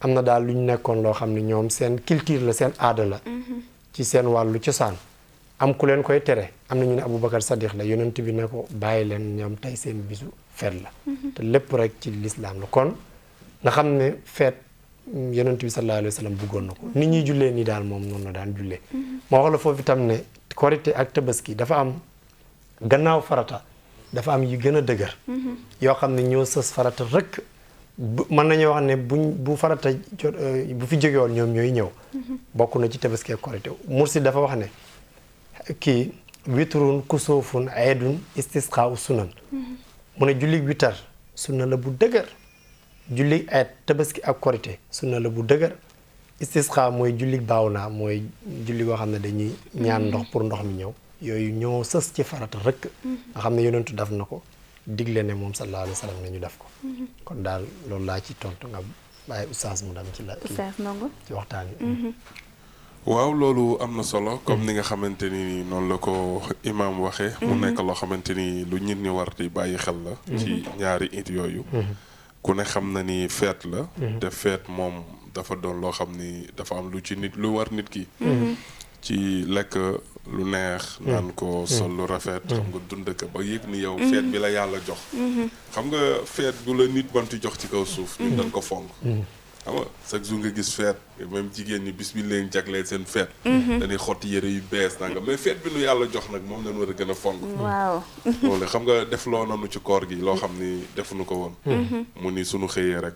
am na daal lu ñu nekkoon loo xam ne ñoom seen culture la seen aada mhm. seen wàllu cosaan am ku leen koy tere am na ñu ne abu Aboubacar Sadiq la yonent bi ne ko bàyyi leen ñoom tey seen bisu feet la mhm. te lépp rek ci lislaam la kon nga xam ne feet yonent bi sallallahu alayhi wa sallam na ko mhm. nit ñuy jullee nii daal moom noonu la daan jullee moo mhm. wax la foofu itam ne korité ak tabaski dafa am gannaaw farata dafa am yu gën a dëgër yoo xam ne ñoo sës farata rek mën nañoo wax ne buñ bu farata euh, bu fi jógewoon ñoom ñooy ñëw bokk na ci tabaski ak korité mursi dafa wax ne kii witrun kusuufun aydun istisqa u sunan mu ne julli witar sunna la bu dëgër julli ayet tabaski ak korite sunna la bu dëgër istisqa mooy julli baaw naa mooy julli goo xam ne dañuy ñaan ndox pour ndox mi ñëw yooyu ñoo sës ci farata rëkk nga xam ne yonentu daf na ko digle ne moom sallallahu alayhi wa sallam ne ñu def ko kon daal loolu laa ci tontu nga bàyyi oustaz mu dem ci la ci waxtaan waaw loolu am na solo mm-hmm. comme ni nga xamante ni noonu la ko imaam waxee. mu mm-hmm. nekk loo xamante ni lu nit ñi war di bàyyi xel la. Mm-hmm. ci ñaari it yooyu. ku ne xam na ni feet la. te feet moom dafa doon loo xam ni dafa am lu ci nit lu war nit ki. ci lekk lu neex. naan ko sol lu rafet. xam nga dund ko ba yëg ni yow. feet bi la yàlla jox. xam nga feet bu la nit bantu jox ci kaw suuf. ñun dañ ko fonk. xam nga chaque jour nga gis feet même jigéen ñi bis bi leen jagleel seen feet mhm. dañuy xotti yëre yu bees nanga mais feet bi nu yàlla jox nag moom lañ war a gën a fonk waaw loolu xam nga def loo nanu ci koor gi loo xam ni defuñu ko woon mhm. Mhm. mu ni suñu xëyee rek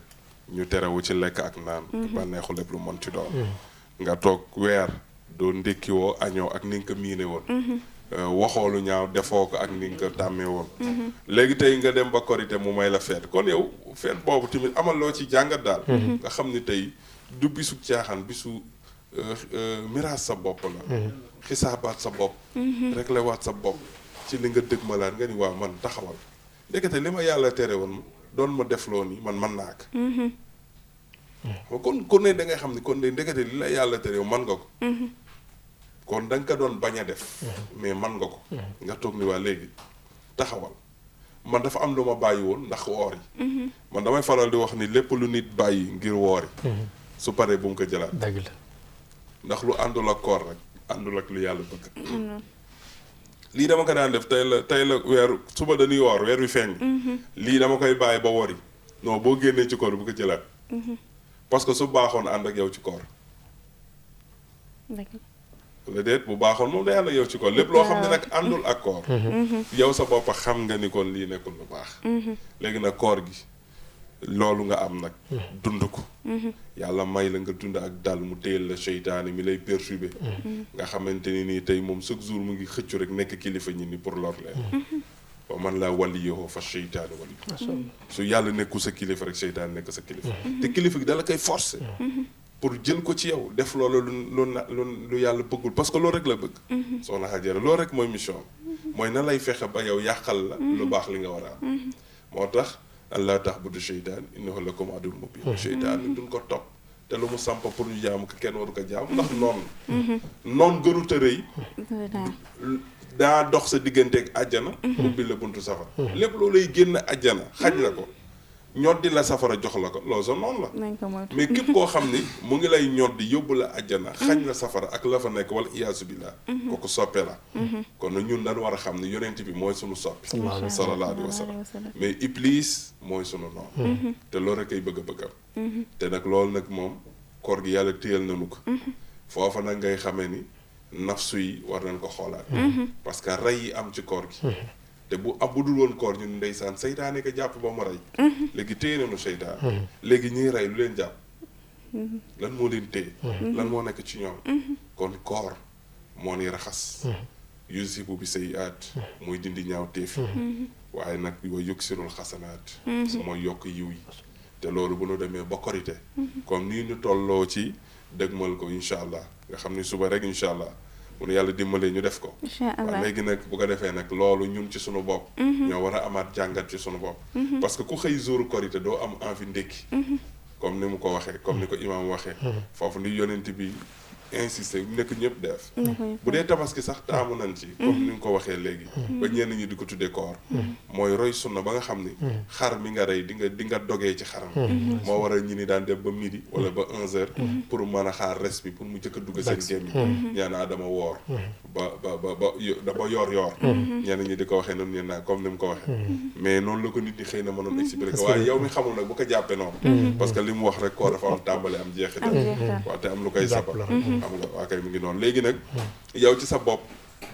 ñu tere wu ci lekk ak naan bànneexu lépp lu mën ci doon nga toog weer doo ndékki woo añoo ak ni nga ko miine woon Euh, waxoolu ñaaw defoo ko ak ni nga tàmmee woon. léegi tey nga dem ba korité mu may la feet kon yow feet boobu tamit amal loo ci jàngat daal. Mhm. nga xam ni tey du bisu caaxaan bisu euh, euh, miraas sa bopp la. Mhm. xisaabaat sa bopp. Mhm. réglé waat sa bopp ci li nga dëgg ma laan nga ni waaw man taxawal ndekete li ma yàlla tere woon doon ma def loo nii man mën naa ko. kon kon ne da ngay xam ni kon ne ndekete li la yàlla tere yow nga ko. kon da ko doon bañ a def. Mm-hmm. mais man nga ko. Mm-hmm. nga toog ni waa léegi taxawal man dafa am lu ma bàyyi woon ndax woor yi. Mm-hmm. man damay faral di wax ni lépp lu nit bàyyi ngir woor yi. su paree bu mu ko jëlaat. dëgg ndax lu àndul ak koor rek àndul ak lu yàlla bëgg. lii dama ko daan def tey la tey la weeru suba dañuy woor weer wi lii dama koy bàyyi ba woor yi non boo génnee ci koor bu ko jëlaat. parce que su baaxoon ànd ak yow ci koor. la déet bu baaxoon moom day ànd ak si ci lépp loo xam ne nag àndul ak koor mm-hmm. Mm-hmm. yow sa bopp xam nga ni kon lii nekkul lu baax mm-hmm. léegi nag koor gi loolu nga am nag dund ko yàlla may la nga dund ak dal mu téyel la seytaane mi lay perturber nga xamante ni nii tey moom chaque jour mu ngi xëccu rek nekk kilifa ni pour lor leen wa man laa waliyoo fa seytaane waliyu su yàlla nekku sa kilifa rek seytaane nekk sa kilifa te kilifa gi dala koy forcer pour jël ko ci yow def loolu lu lu na lu yàlla bëggul parce que loolu rek la bëgg. soo mhm. soxna Hajara loolu rek mooy mission mhm. mooy na lay fexe ba yow yàqal la. Mhm. lu baax li nga war a am. moo tax allah tax bu du seytaan innahu lakum aduwwun mubiin. seytaan duñ ko topp te lu mu samp pour ñu jaamu ko kenn waru ko jaam ndax noonu. noonu gënut a rëy. daa dox sa diggante ak àjjana. ubbi la buntu safara. lépp loolay génn àjjana xaj na ko. ñoddi la safara jox la ko loolu sa noonu la mais képp koo xam ni mu ngi lay ñoddi yóbbu la àjjana mhm. xañ la safara ak la fa nekk wala iyaasu billah mhm. ko soppe la mhm. kon na ñun dañ war a xam ne yonent bi mooy sunu soppi sallallahu alayhi wa sallam mais iblis mooy sunu noonu te lool rek ay bëgg a bëggam te nag loolu nag moom koor gi yàlla téyal nañu ko foofa nag ngay xamee ni nafsu yi war nañ ko xoolaat parce que rey yi am ci koor gi te bu ab bu dul woon koor ñun ndeysaan seytaane ko jàpp ba mu rey. Mhm. léegi téye nañu seytaane. Mhm. léegi ñuy rey lu leen jàpp. Mhm. lan moo leen téye. lan moo nekk ci ñoom. kon koor moo ni raxas. yusibu bi sayyi'aat mooy dindi ñaaw teefi waaye nag yooyu yuksirul xasanaat. mooy yokk yiw yi. te loolu bu ñu demee ba korite. comme nii ñu tolloo ci dëgmal ko incha allah nga xam ni suba rek incha allah. pour yàlla dimbali ñu def ko. incha allah léegi nag bu ko defee nag loolu ñun ci sunu bopp. Mm-hmm. ñoo war a amaat jàngat ci sunu bopp. Mm-hmm. parce que ku xëy jour korité doo am envie ndékki. Mm-hmm. comme ni mu ko waxee comme ni ko imaam waxee. foofu li yonent bi insister nekk ñëpp def mhm. bu dee tabaski sax taamu nan ci comme ni nga ko waxee léegi mhm. ba ñenn ñi di ko tuddee koor mhm. mooy roy sunna ba nga xam ni xar mi nga rey di nga di nga dogee ci xaram moo waral ñi ni daan def ba midi wala ba onze pour man a xaar res bi pour mu jëkk dugg seen gémmiñ ñaan Adama woor ba ba ba ba ba yoor yoor ñenn ñi di ko waxee noonu ñeen naa comme ni mu ko waxee mais noonu la ko nit ñi xëy na mënoon expliquer waaye yow mi xamul nag bu ko jàppee noonu parce que li mu wax rek koor dafa am tàmbali am jeexital waaw te am lu koy sabal xam nga waa kay mi ngi noonu léegi nag yow ci sa bopp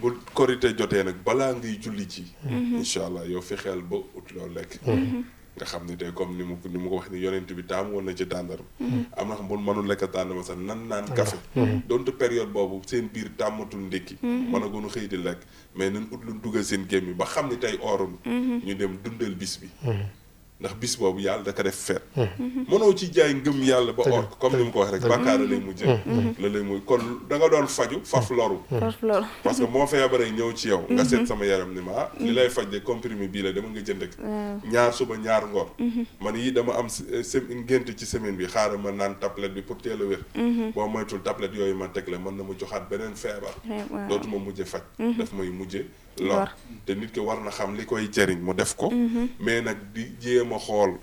bu korité jotee nag balaa ngay julli ci mhm. incha allah yow fexeel ba ut loo lekk mhm. nga xam ni tey comme ni mu ni mu ko wax ni yonent bi taam woon na ci tàndar mhm. am na xam bu mënul lekk tàndar sax nan naan café donte période boobu seen biir tàmmatul ndékki mën a gonu xëy di lekk mais nan ut lu dugal seen gémmi ba xam ni tey oorul ñu dem dundal bis bi ndax bis boobu yàlla da ko def feet hmm. mënoo ci jaay ngëm yàlla ba or comme ni mu ko wax rek hmm. bàkkaar la lay mujjë hmm. la lay mujj kon da nga doon faju faf loru parce que moo feebaree ñëw ci yow nga seet sama yaram ni ma ah, li lay faj de comprimé bii la dama nga jënd ak ñaar suba ñaar ngoon man yi dama am eh, ngént ci semaine bi xaaral ma naan tablette bi pour teel a wér boo moytul tablette yooyu ma teg la mën na ma joxaat beneen feebar dootuma mujje faj daf may lor te nit ki war na xam li koy jariñ mu def ko mm-hmm. mais nag di jéem a xool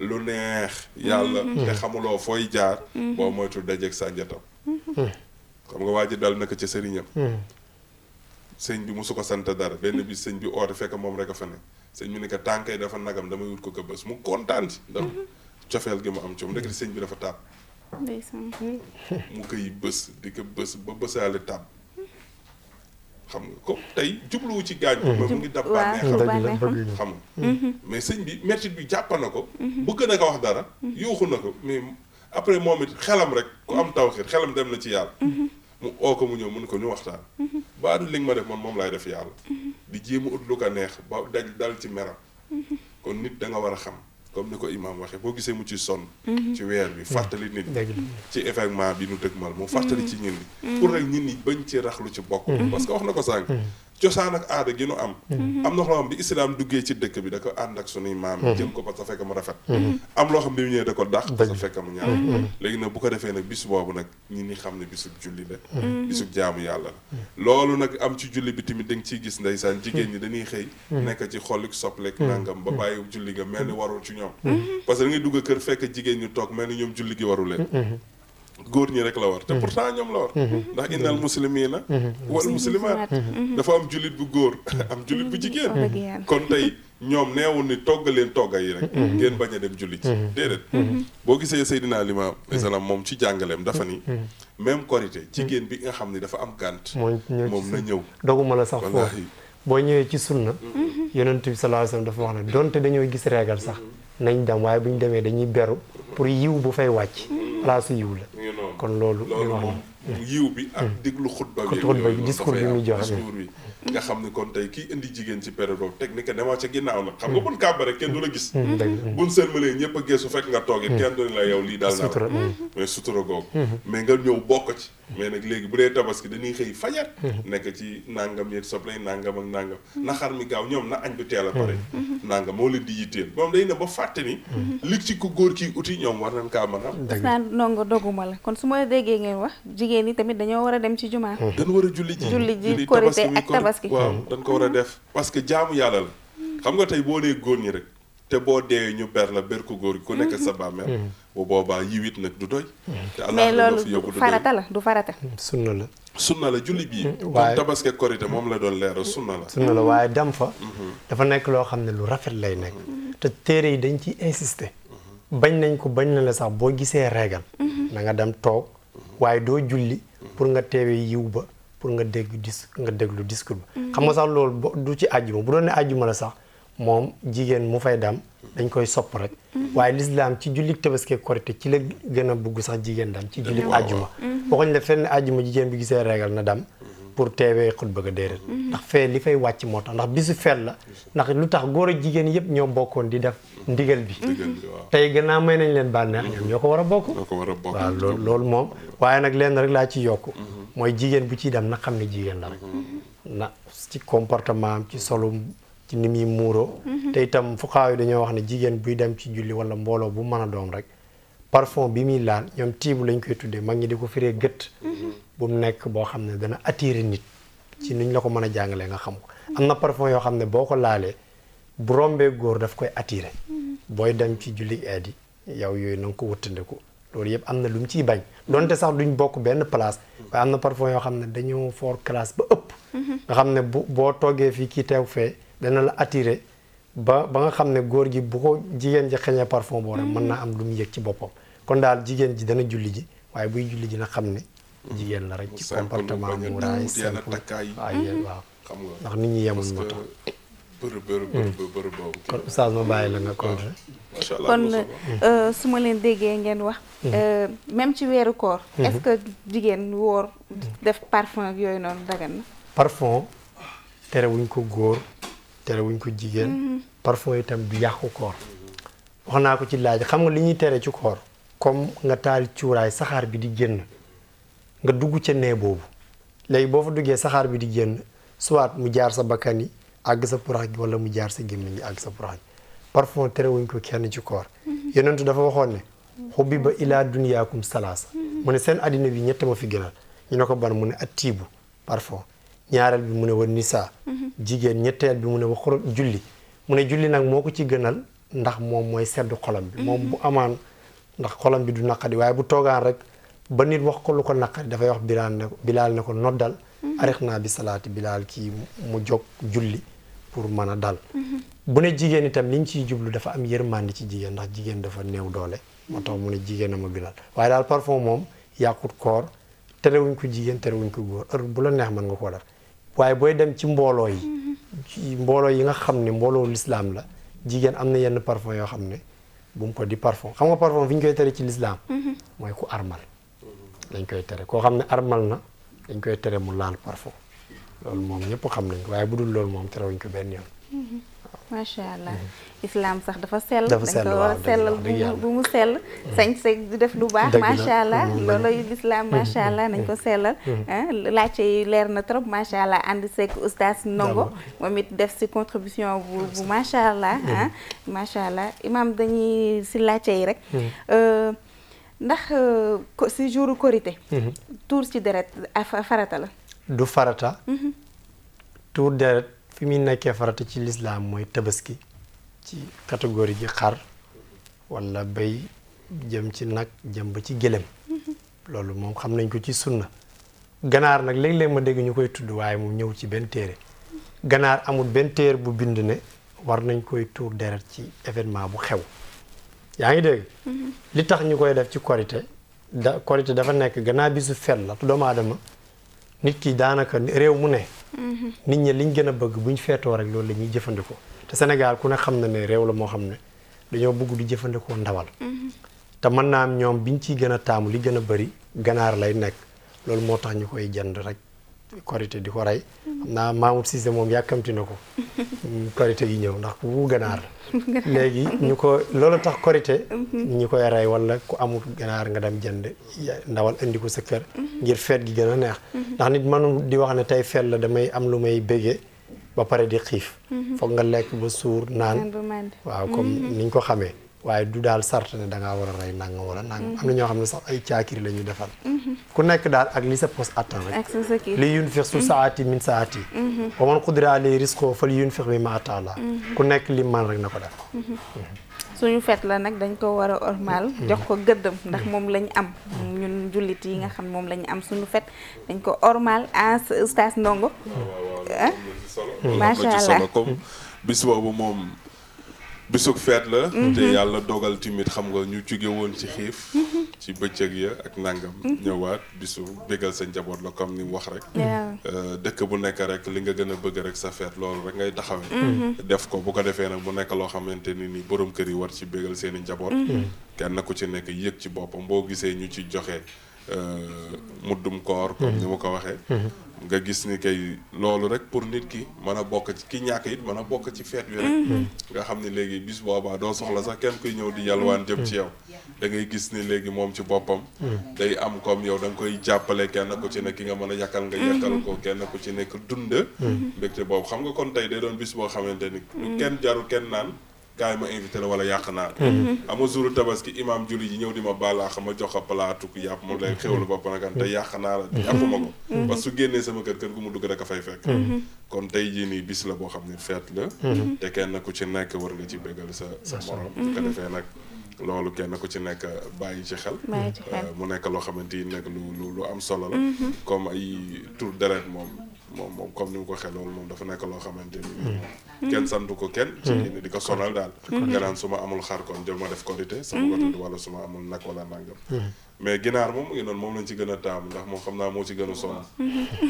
lu neex yàlla mm-hmm. te xamuloo fooy jaar mm-hmm. boo moytu dajeeg sànjatam xam nga waa ji dal naka ca sëriñam sëñ bi mosu ko sant dara benn bi sëñ bi oote fekk moom rek a fa ne sëñ bi ne ko tànkay dafa nagam damay wut ko gëbës mu kontaan ci ndax cofeel gi mu am ci moom ndekete sëñ bi dafa tàpp mu koy bës di ko bës ba bësaale tàpp xam nga ko tey jubluwu ci gaañ bi mm-hmm. mu ngi dab bànneexam xam nga mm-hmm. mais sëñ bi mettit bi jàppa na ko mm-hmm. bëgg na ko wax dara yuuxu na ko mais après moom it xelam rek ku am tawxiit xelam dem na ci yàlla mu oo ko mu ñëw mun ko ñu waxtaan ba li nga ma def man moom laay def yàlla di jéem a ut lu ko neex ba daj dal ci meram kon nit da nga war a xam comme ni ko imaam waxee boo gisee mu ci sonn. Mhm. ci weer bi fàttali nit ñi. ci événement bi nu dëgmal mu fàttali ci mhm. ñun ñi. pour mhm. rek ñun ñi bañ ci rax lu ci bokk. parce que wax na ko sànq. cosaan ak aada gi nu am. Mhm. am na loo xam bi islam duggee ci dëkk bi da ko ànd ak sunuy maam. Mhm. jël ko ba que fekk mu rafet. Mhm. am loo xam bi mu ñëwee da ko dàq. parce que fekk mu ñaaw. léegi nag bu ko defee nag bis boobu nag ñi ni xam ne bisub julli la. bisub jaamu yàlla la. loolu nag am ci julli bi tamit da nga ciy gis saan jigéen ñi dañuy xëy. nekk ci xollik soplek nangam ba bàyyi julli ga mel ni warul ci ñoom. parce que da ngay dugg kër fekk jigéen ñu toog mel ñoom julli gi waru leen. góor ñi rek la war te mhm. pourtant ñoom la war mhm. ndax innal mhm. muslimina wal muslimaat dafa am jullit bu góor am jullit bu jigéen kon tey ñoom neewul ni togg leen togga yi rek ngeen bañ a dem jullit ci déedéet boo gisee Seydina Limaamu alayhi salaam moom ci jàngaleem dafa ni même korité jigéen bi nga xam ni dafa am gànt moom na ñëw doguma la sax foofu boo ñëwee ci sunna yonent bi sallallahu alayhi wasallam dafa wax ne donte dañoo gis reegal sax nañ dem waaye bu ñu demee dañuy beru pour yiw bu fay wàcc mm. place yiw la kon loolu ñu wax mm. yiw bi ak mm. déglu xutba bi xutba bi discours bi muy joxe discours bi nga xam ne kon tey kii indi jigéen ci période boobu technique dama ca ginnaaw nag xam nga bun kàbba rek kenn du la gis bun sërmalee ñëpp a geesu fekk nga toogee kenn du la yow lii daal na mais sutura googu mm-hmm. mais nga ñëw bokk ci mais nag léegi bu dee tabaski dañuy xëy fajar. Mm-hmm. nekk ci nangam yeeg soble nangam ak nangam. Mm-hmm. na xar mi gaaw ñoom na añ bi teel a pare. Mm-hmm. nangam moo leen di yitteel moom day ne ba fàtte ni. lig ci ku góor kii uti ñoom war nañ kaa mën a am. dëgg naa ndongo doguma la kon su ma déggee ngeen wax jigéen ñi tamit dañoo war a dem ci jumaa. dan war a julli ji julli ji korite ak tabaski waaw dañ ko war a def parce que jaamu yàlla la. xam nga tey boo dee góor ñi rek. te boo dee ñu ber la ber ko góor gi ku nekk mhm. sa bàmmeel mhm. bu boobaa yiwit nag du doy mhm. te allah loolu fi yóbbu du doy farata la du farata mm, sunna la sunna la julli bii waaye tabaski korite moom la doon leeral sunna la la waaye dem fa dafa nekk loo xam ne lu rafet lay nekk te téere yi dañ ci insisté bañ nañ ko bañ na la sax boo gisee reegal na nga dem toog waaye doo julli pour nga teewee yiw ba pour nga dégg dis nga déglu discours ba xam nga sax loolu du ci àjjuma bu doon ne àjjuma la sax moom jigéen mu fay dam dañ koy sopp rek waaye lislaam ci jullit tabaski korite ci la gën a bugg sax jigéen dam ci jullit àjjuma mm-hmm. waxuñ la fenn àjjuma jigéen bi gisee regal na dam pour teewee xutba bëgg déedéet mm-hmm. ndax fee li fay wàcc moo tax ndax bisu feet la ndax lu tax góor ak jigéen yëpp ñoo bokkoon di def ndigal bi tey gannaaw may nañ leen bànneex ñoo ko war a bokk waaw loolu loolu moom waaye nag lenn rek laa ci yokk mm-hmm. mooy jigéen bu ciy dem na xam ne jigéen la rek na ci comportement am ci solum ci ni muy muuroo. Mhm. te itam fuqaaw yi dañoo wax ne jigéen buy dem ci julli wala mbooloo bu mën a doom rek parfum bi muy laal ñoom tiibu lañ koy tuddee mag ñi di ko firee gët. Mhm. bu mu nekk boo xam ne dana attire nit. ci niñ la ko mën a jàngalee nga xam ko. am na parfum yoo xam ne boo ko laalee bu góor daf koy attirer. Mhm. booy dem ci julli aadi yow yooyu na nga ko loolu yëpp am na lu ciy bañ donte sax duñ bokk benn place waaye am yoo xam ne dañoo fort classe ba ëpp. xam ne bu boo toogee fii kii teew fee. dana la attirer ba ba nga xam ne góor gi bu ko jigéen ji xeñee parfum boo rek mën naa am lu mu yëg ci boppam kon daal jigéen ji dana julli ji waaye buy julli ji na xam ne jigéen la rek ci comportement mu raay simple mhm. waaw yéen waaw ndax nit ñi yemul moo tax bërëb mm. bërëb bërëb boobu kon oustaz ma bàyyi la nga ah, contre kon euh, su ma leen déggee ngeen wax mm. euh, même ci weeru koor mm-hmm. est-ce que jigéen woor def parfum yooyu noonu dagan na parfum terewuñ ko góor tere wuñ ko jigéen. Mm-hmm. parfum itam du yàqu koor. wax naa ko ci laaj xam nga li ñuy tere ci koor comme nga taal cuuraay saxaar bi di génn nga dugg ca nee boobu léegi boo fa duggee saxaar bi di génn soit mu jaar sa bakkan yi àgg sa purax gi wala mu jaar sa gémmiñ gi àgg sa purax gi parfum tere wuñ ko kenn ci koor. Mm-hmm. yonentu dafa waxoon ne. xubbi mm-hmm. ba ilaa dunyaakum salaasa. mu ne seen addina bi ñett ma fi gënal ñu ne ko ban mu ne at tiibu parfum. ñaareel bi mu ne wa nisaa jigéen ñetteel bi mu ne wa julli mu ne julli nag moo ko ci gënal ndax moom mooy sedd xolam bi moom bu amaan ndax xolam bi du naqadi waaye bu toogaan rek ba nit wax ko lu ko naqadi dafay wax bilaal ne bilaal ne ko noddal arix naa bi salaati bilaal kii mu jóg julli pour mën a dal bu ne jigéen itam liñ ciy jublu dafa am yërmande ci jigéen ndax jigéen dafa néew doole moo tax mu ne jigéen a ma gënal waaye daal parfum moom yàqut koor terewuñ ko jigéen terewuñ ko góor heure bu la neex mën nga koo def waaye booy dem ci mbooloo yi mbooloo yi nga xam ne mbooloo lislaam la jigéen am na yenn parfum yoo xam ne bu mu ko di parfum xam nga parfum fi ñu koy tere ci lislaam mhm. mooy ku armal dañ koy tere koo xam ne armal na dañ koy tere mu laal parfum loolu moom ñëpp xam nañ ko waaye bu dul loolu moom tere wuñ ko benn yoon mhm. macha allah islam sax dafa sell. dafa sell waaw dañ bu mu sell. sañ se du def lu baax. macha allah mm-hmm. loolooy islam macha allah nañ ko sellal. Mm-hmm. Ah, laajte yi leer na trop macha allah ànd seeg oustaz Ndongo moom it def si contribution bu bu macha allah. Ah. Mm-hmm. macha allah imam dañuy si laajte yi rek. Euh, ndax euh, si jouru korité tuur ci deret farata la. du farata. tuur deret. fi muy nekkee farata ci lislaam mooy tabaski ci catégorie ji xar wala bay jëm ci nag jëm ba ci gëlëm loolu moom xam nañ ko ci sunna ganaar nag léeg-léeg ma dégg ñu koy tudd waaye mu ñëw ci benn téere ganaar amut benn téere bu bind ne war nañ koy tuur deret ci événement bu xew yaa ngi dégg mm-hmm. li tax ñu koy def ci korité da korité dafa nekk ganaar bi su fet la te doomu aadama nit ki daanaka réew mu ne nit ñi liñ gën a bëgg buñ feetoo rek loolu lañuy jëfandikoo te Sénégal ku ne xam na ne réew la moo xam ne dañoo bëgg di jëfandikoo ndawal. te mën naa am ñoom biñ ciy gën a taamu li gën a bëri ganaar lay nekk loolu moo tax ñu koy jënd rek. korité di ko rey xam naa Mamour Cissé moom yàkkamti na ko korité yi ñëw ndax bu ganaar léegi ñu ko loolu tax korité mhm. ñu koy rey wala ku amul ganaar nga dem jënd ndawal indi ko sa kër mhm. ngir feet gi gën a neex mhm. ndax nit mënul di wax ne tey feet la damay am lu may béggee ba pare di xiif foog nga lekk ba suur naan waaw comme niñ ko xamee waaye du daal sart ne da ngaa war a rey nangam wala nangam. am na ñoo xam ne sax ay caakiri la ñuy defal. ku nekk daal ak li sa pos attan rek. ak sa kii li yunfiq su mhm. saati min saati. Mhm. wa man qudira alayhi rizquhu falyunfiq mimma ataahu mhm. ku nekk li man rek na ko def. suñu fet la nag dañ ko war a ormal jox ko gëddam ndax moom lañ am ñun jullit yi nga xam moom lañ am suñu fet dañ ko ormal as ustaas ndongo ah? macha allah comme bis boobu moom bisug feet la mhm. te yàlla dogal timit xam nga ñu jóge woon ci xiif mhm. ci bëccëg ya ak nangam mhm. ñëwaat bisu bégal sa njaboot la comme ni wax rek euh, dëkk bu nekk rek li nga gën a bëgg rek sa feet loolu rek ngay taxawee def ko bu ko defee nag bu nekk loo xamante ni ni boroom kër yi war ci bégal seen i njaboot mm. kenn ku ci nekk yëg ci boppam boo gisee ñu ci joxe euh, muddum koor comme mm. ni ma ko waxee mm-hmm. nga gis ni kay loolu rek pour nit ki mën a bokk ci ki ñàkk it mën a bokk ci feet wi rek mm-hmm. nga xam ni léegi bis boobaa doo soxla sax kenn kuy ñëw di yalwaan jëm ci yow mm-hmm. da ngay gis ni léegi moom ci boppam mm-hmm. day am comme yow da nga koy jàppale kenn ku ci ne ki nga mën a yàkkal nga yàkkal ko kenn ku ci nekk dund mbégte boobu xam nga kon tey day doon bis boo xamante ni lu kenn jaru kenn naan kaay ma invité la wala yàq naa mhm. ama jouru tabaski imaam julli ji ñëw di ma bàllaax ma jox ko palaatu yàpp ma lay xewlu ba panakan te yàq naa la mhm. yàppuma ko parce mhm. que su génnee sama kër kër gu mu dugg rek a fay fekk kon tey jii nii bis la boo xam ne feet la te kenn ku ci nekk war nga ci bégal sa sa morom ko defee nag loolu kenn ku ci nekk bàyyi ci xel euh, mu nekk loo xamante yi nekk lu lu am solo comme ay tur deret moom moom moom comme ni mu ko waxee loolu moom dafa nekk loo xamante ni. Hmm. kenn santu ko kenn. ci hmm. ni di ko sonal daal. Hmm. nga naan su ma amul xar kon jël ma def korité. sama ko wala su ma amul nag wala nangam. mais ginaar moom mu moom lañ ci gën a taamu ndax moom xam naa moo ci gën a sonn.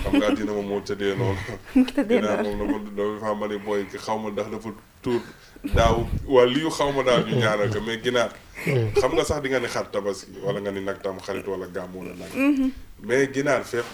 xam nga àddina moom moo tëddee noonu. ginaar moom dama dama faa mën a xaw ma ndax dafa tuur daaw waa li xaw ma daal ñu ñaanal mais ginaar. xam nga sax di nga ni xar tabaski wala nga ni nag tam xarit wala gàmm wala nag. mais ginaar fépp.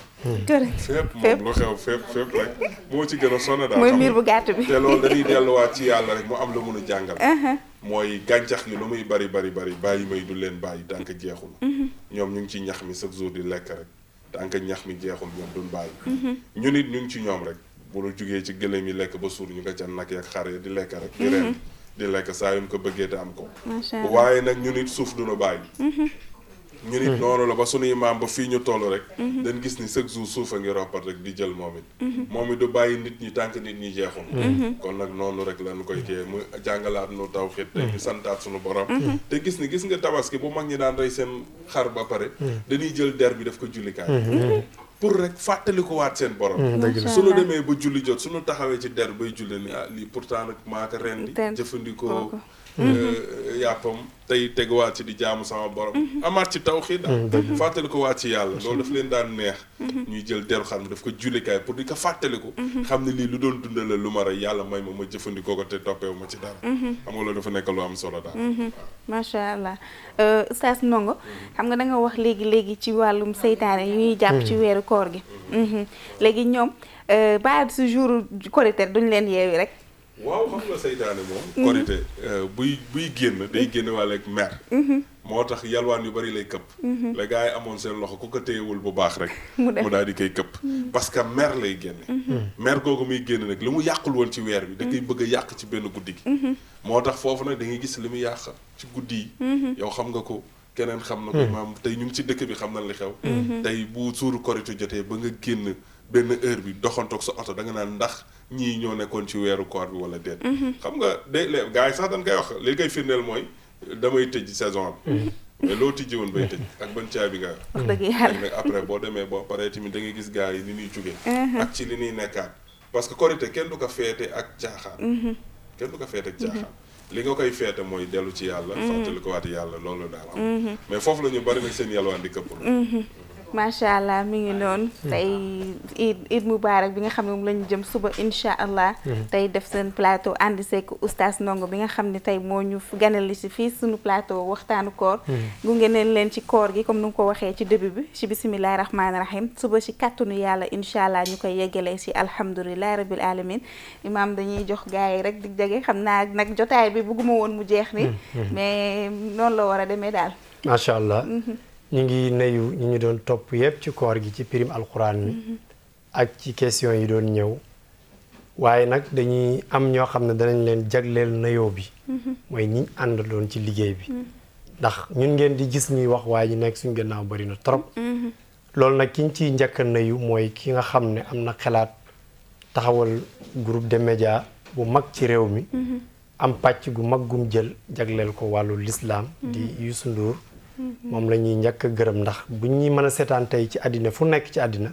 fépp moom lu xew fépp fépp rek moo ci gën a sonn daal. mooy mbir bu gàtt bi te loolu ci yàlla rek am la mun a jàngal. Uh-huh. mooy gàncax gi lu muy bari bari bari bàyyi may du leen bàyyi tànk jeexul. Uh-huh. ñoom ñu ngi ci ñax mi chaque jour di lekk rek tànk ñax mi jeexul ñoom duñ bàyyi. Uh-huh. ñu nit ñu ngi ci ñoom rek bu la jugee ci gëléem yi lekk ba suur ñu nga ca nag yak xare di lekk rek. di reen di lekk saa yu ko bëggee te am ko. waaye nag ñu nit suuf duñu bàyyi. ñu nit hmm. noonu la ba sunuy maam ba fii ñu toll rek hmm. Hmm. dañ gis ni chaque jour suuf a ngi rompat rek di jël moom it moom it du bàyyi nit ñi tànk nit ñi jeexul kon nag noonu rek lañ koy kee mu jàngalaat nu taw xit te ñu santaat sunu borom te gis ni gis nga tabaski bu mag ñi daan rey seen xar ba pare dañuy jël der bi daf ko jullikaay pour rek fàttali ko waat seen borom suñu demee ba julli jot suñu taxawee ci der bay julli ni ah lii pourtant nag maa ko rendi jëfandikoo Euh, yàppam tey waa ci di jaamu sama borom. Mhm. amaat ci tawxiid daal. Mm, fàttali ko waat ci yàlla loolu daf leen daan neex. Mhm. ñuy jël deru xam ne daf ko jullikaay pour di ko fàttaliku. Mhm. xam ne lii lu doon dundalal lu ma rey yàlla may ma ma jëfandikoo ko te toppeewu ma ci dara. xam nga loolu solo daal. macha allah euh, Oustaz Ndongo xam nga da wax léegi léegi ci wàllum seytaane yi ñuy jàpp ci weeru koor gi. léegi ñoom euh, ba su jour korité duñ leen yeewi rek. waaw xam nga seytaane moom. korite euh, buy buy génn day génne wàll ak mer. Mhm. moo tax yalwaan yu bari lay këpp. Mhm. la gars yi amoon seen loxo ku ko téyewul bu baax rek. mu daal di koy këpp. Mhm. parce que mer lay génne. mer googu muy génn nag li mu yàqul woon ci weer bi da bëgg a yàq ci benn guddi gi. moo tax foofu nag da ngay gis li mu yàq ci guddi yi. yow xam nga ko. keneen xam na ko maam tey ñu ngi ci dëkk bi xam na li xew tey bu suuru korite jotee ba nga génn benn heure bi doxantoog sa oto da nga naan ndax ñii ñoo nekkoon ci weeru koor bi wala déet. Mhm. xam nga day les gars yi sax dañ koy wax li koy firndeel mooy damay tëj saison bi. Mhm. mais loo tijji woon bay tëj ak ban caabi nga wax dëgg yàlla nag boo demee boo paree tamit da ngay gis gars yi li ñuy jugee. Mhm. ak ci li ñuy nekkaat parce que kenn du ko feete ak caaxaan. kenn du ko feete ak caaxaan. li nga koy feete mooy dellu ci yàlla. fàttali ko waati yàlla loolu daal am. mais foofu la ñu bari nag seen yàlla waan di këpp. macha allah mi ngi noonu. Hmm. tey Eid Eid Mubarak bi nga xam ne moom la ñu jëm suba incha allah. Hmm. tey def seen plateau ànd seeg oustaz Ndongo bi nga xam ne tey moo ñu ganale si fii suñu plateau waxtaanu koor. Hmm. gunge nañ leen ci koor gi comme nu nga ko waxee ci début bi ci bisimilah rahmaani rahim suba si nu yàlla incha allah ñu koy yeggalee si alhamdulilah rabil alamin imaam dañuy jox gars yi rek di jege xam naa nag jotaay bi bëgguma woon mu jeex ni mais noonu la war a demee daal. macha ñu ngi nuyu ñu ñu doon topp yépp ci koor gi ci pirim alxuraan mi mhm. ak ci question yi doon ñëw waaye nag dañuy am ñoo xam ne danañ leen jagleel nuyoo bi mhm. mooy ñi ànd doon ci liggéey bi mhm. ndax ñun ngeen di gis ñuy wax waaye ñu nekk suñ gannaaw bari na trop loolu nag kiñ ciy njëkk a nuyu mooy ki nga xam ne am na xalaat taxawal groupe de média bu mag ci réew mi am pàcc gu mag gum jël jagleel ko wàllu lislaam di Youssou Ndour moom la ñuy njëkk a gërëm ndax bu ñuy mën a seetaan tey ci àddina fu nekk ci àddina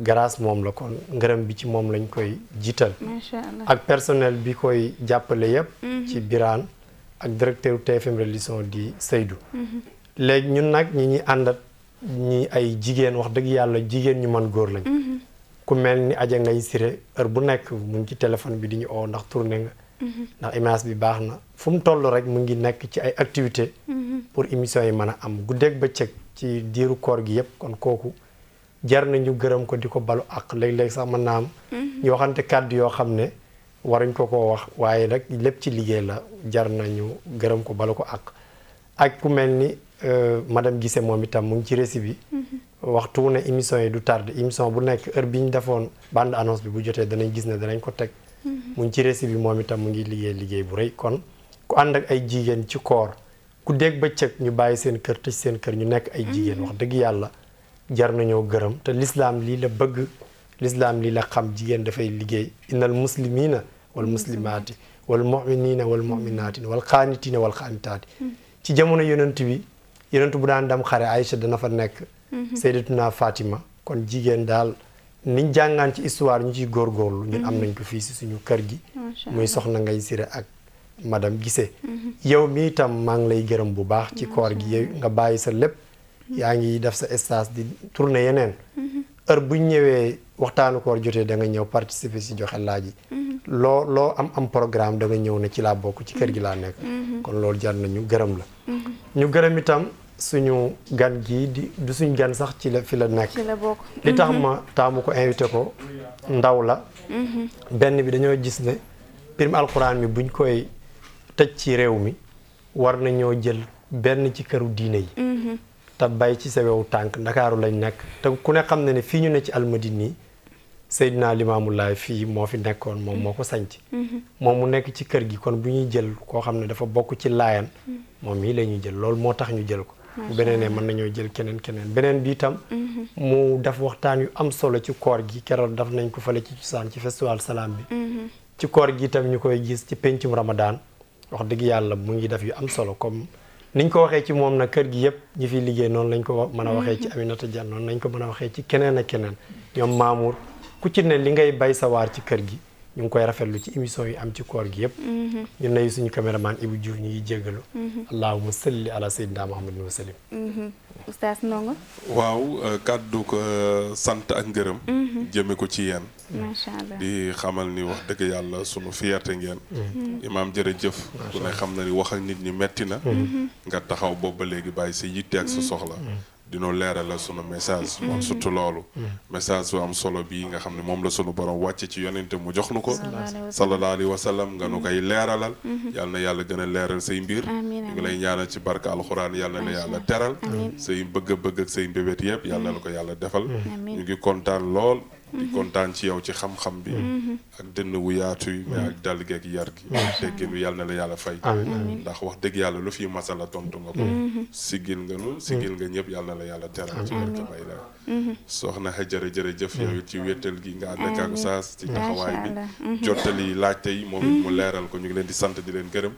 grâce moom la kon ngërëm bi ci moom lañ koy jiital ak personnel bi koy jàppale yépp mhm. ci Birane ak directeur TFM Religion di Seydou mhm. léegi ñun nag ñi ñi àndat ñi ay jigéen wax dëgg yàlla jigéen ñu mën góor lañ mhm. ku mel ni aja ngay siré heure bu nekk mu ngi ci téléphone bi di ñu oo ndax tourné nga ndax image bi baax na fu mu toll rek mu ngi nekk ci ay activité mhm. pour émission yi mën a am guddeeg bëccëg ci diiru koor gi yëpp kon kooku jar na ñu gërëm ko di ko balu ak léeg-léeg sax mën naa am mhm. ñu waxante kàddu yoo xam ne waruñ ko ko wax waaye nag lépp ci liggéey la jar nañu gërëm ko balu ko ak ak ku mel ni euh, madame Guissé moom itam mu ngi ci récit bi mhm. waxtu ne émission yi du tardé émission bu nekk heure bi ñu defoon bande annonce bi bu jotee danañ gis ne danañ ko teg mu ngi ci récit bi moom liggéey liggéey bu rëy kon ku ànd ak ay jigéen ci koor ku dégg ba cëg ñu bàyyi seen kër tëj seen kër ñu nekk ay jigéen wax dëgg yàlla jar nañoo gërëm te lislaam lii la bëgg lislaam lii la xam jigéen dafay liggéey innal muslimina wal muslimaati wal muminina wal muminaati wal xaanitina wal xaanitaati ci jamono yonent bi yonent bu daan dem xare Aïcha dana fa nekk mhm. sayyidatuna Fatima kon jigéen daal niñ jàngaan ci histoire ñu ciy góorgóorlu ñun am mhm. nañ ko fii si suñu kër gi muy soxna ngay sira ak madam Guissé mhm. yow mi itam maa ngi lay gërëm bu baax ci koor gi yow nga bàyyi sa lépp mhm. yaa ngi def sa stage di tournée yeneen heure buñ ñëwee waxtaanu koor jotee da nga ñëw participer si joxe laaj yi loo loo am am programme da ñëw ne ci laa bokk ci kër gi laa nekk kon loolu jar na ñu gërëm la ñu gërëm itam suñu gan gi di du suñ gan sax ci la fi la nekk li tax mhm. ma taamu ko invité ko ndaw la mhm. benn bi dañoo gis ne pirim alxuraan mi buñ koy tëj ci réew mi war na nañoo jël benn ci këru diine yi mhm. te bay ci sewewu tànk ndakaaru lañ nekk te ku ne xam ne ne fii ñu ne ci almadine nii Seydina Limaamulaay fii moo fi nekkoon moom moo ko sanc moom mu nekk ci kër gi kon bu ñuy jël koo xam ne dafa bokk ci laayan moom mii la ñuy jël loolu moo tax ñu jël ko bu beneenee mën nañoo jël keneen keneen beneen bi itam mhm. mu def waxtaan yu am solo ci koor gi keroog daf nañ ko fale ci cosaan ci festival salaan bi mhm. ci koor gi itam ñu koy gis ci pencum ramadan wax dëgg yàlla mu ngi def yu am solo comme niñ ko waxee ci moom na kër gi yëpp ñi fiy liggéey noonu lañ ko mën a mhm. waxee ci Aminata Diagne noonu lañ ko mën a waxee ci keneen ak keneen ñoom Mamour ku ci ne li ngay bay sa waar ci kër gi ñu ngi koy rafetlu ci émission yi am ci koor gi yëpp ñu mm-hmm. nuyu suñu caméraman Ibou Diouf ñu ngi jéggalu mm-hmm. allahuma salli ala sayyidina muhammadin wa sallim mm-hmm. oustaz Ndongo waaw euh, kàddu ko euh, sant ak ngërëm jëme ko ci yéen macha xamal ni wax dëgg yàlla sunu fierté ngeen imaam jërëjëf ku ne xam na ni wax ak nit ñi metti na nga taxaw boobu ba léegi bàyyi sa yitte ak sa soxla dinoo leeralal sunu message moom mm-hmm. surtout loolu mm-hmm. message bu am solo bii nga xam ne moom la sunu borom wàcce ci yonente mu jox nu ko sallallahu alayhi wa sallam nga nu mm-hmm. koy leeralal yal na yàlla gën leeral say mbir ñu ngi lay ñaanal ci barke alxuraan yàlla na la yàlla teral say bëgg-bëgg ak say mbébét yëpp yàlla na ko yàlla defal ñu ngi kontaan lool di mhm. kontaan ci yow ci xam-xam bi. Mhm. ak dënn wu yaatu yi. mais ak dal geeg yar gi. tegginu yàlla na la yàlla fay. ndax wax dëgg yàlla lu fi masala tontu nga ko. Mhm. sigil nga nu sigil nga ñëpp yàlla la yàlla teral ci barke bay la. soxna Hajara jëf yow ci wéttal gi nga ànd ak saas ci taxawaay bi. jottali laajte yi moom mu leeral ko ñu ngi leen di sant di leen gërëm.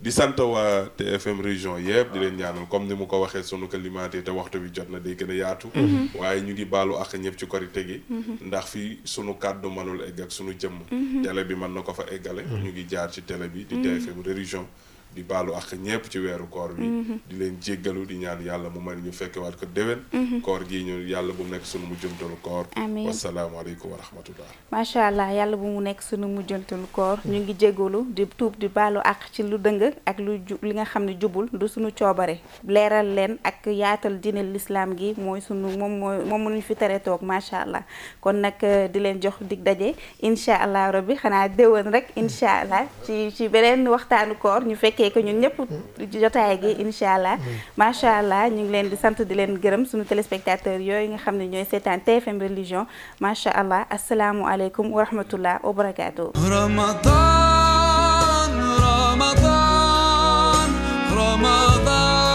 di sant waa TFM région yëpp di leen ñaanal comme ni mu ko waxee sunu kalimaate te waxtu bi jot na day gën a yaatu. Mhm. waaye ñu ngi baalu ak ñëpp ci korite gi. Mhm. ndax fii sunu kàddu mënul egg ak sunu jëmm. Mhm. télé bi mën na ko fa eggale. ñu ngi jaar ci télé bi di TFM région. di baalu ak ñépp ci weeru koor bi mm-hmm. di leen jéggalu di ñaan yàlla mu may ñu fekkewaat ko déwén mm-hmm. koor gii ñu yàlla bu mu nekk sunu mujjantalu koor macha allah yàlla bu mu nekk sunu mujjantalu koor ñu ngi jéggalu di tuub di baalu ak ci lu dëng ak lu li nga xam ne jubul du sunu coobare leeral leen ak yaatal diine lislaam gi mooy sunu moom mooy moom mënuñu fi tere toog macha allah kon nag euh, di leen jox dig daje incha allah rabbi xanaa déwén rek incha allah ci beneen waxtaanu koor ñu fekkee fekkee ko ñëpp jotaay gi allah macha allah ñu ngi leen di sant di leen gërëm suñu téléspectateurs yooyu nga xam ne ñooy seetaan TFM religion macha allah asalaamualeykum aleykum rahmatullah wa barakaatu. Ramadan Ramadan Ramadan.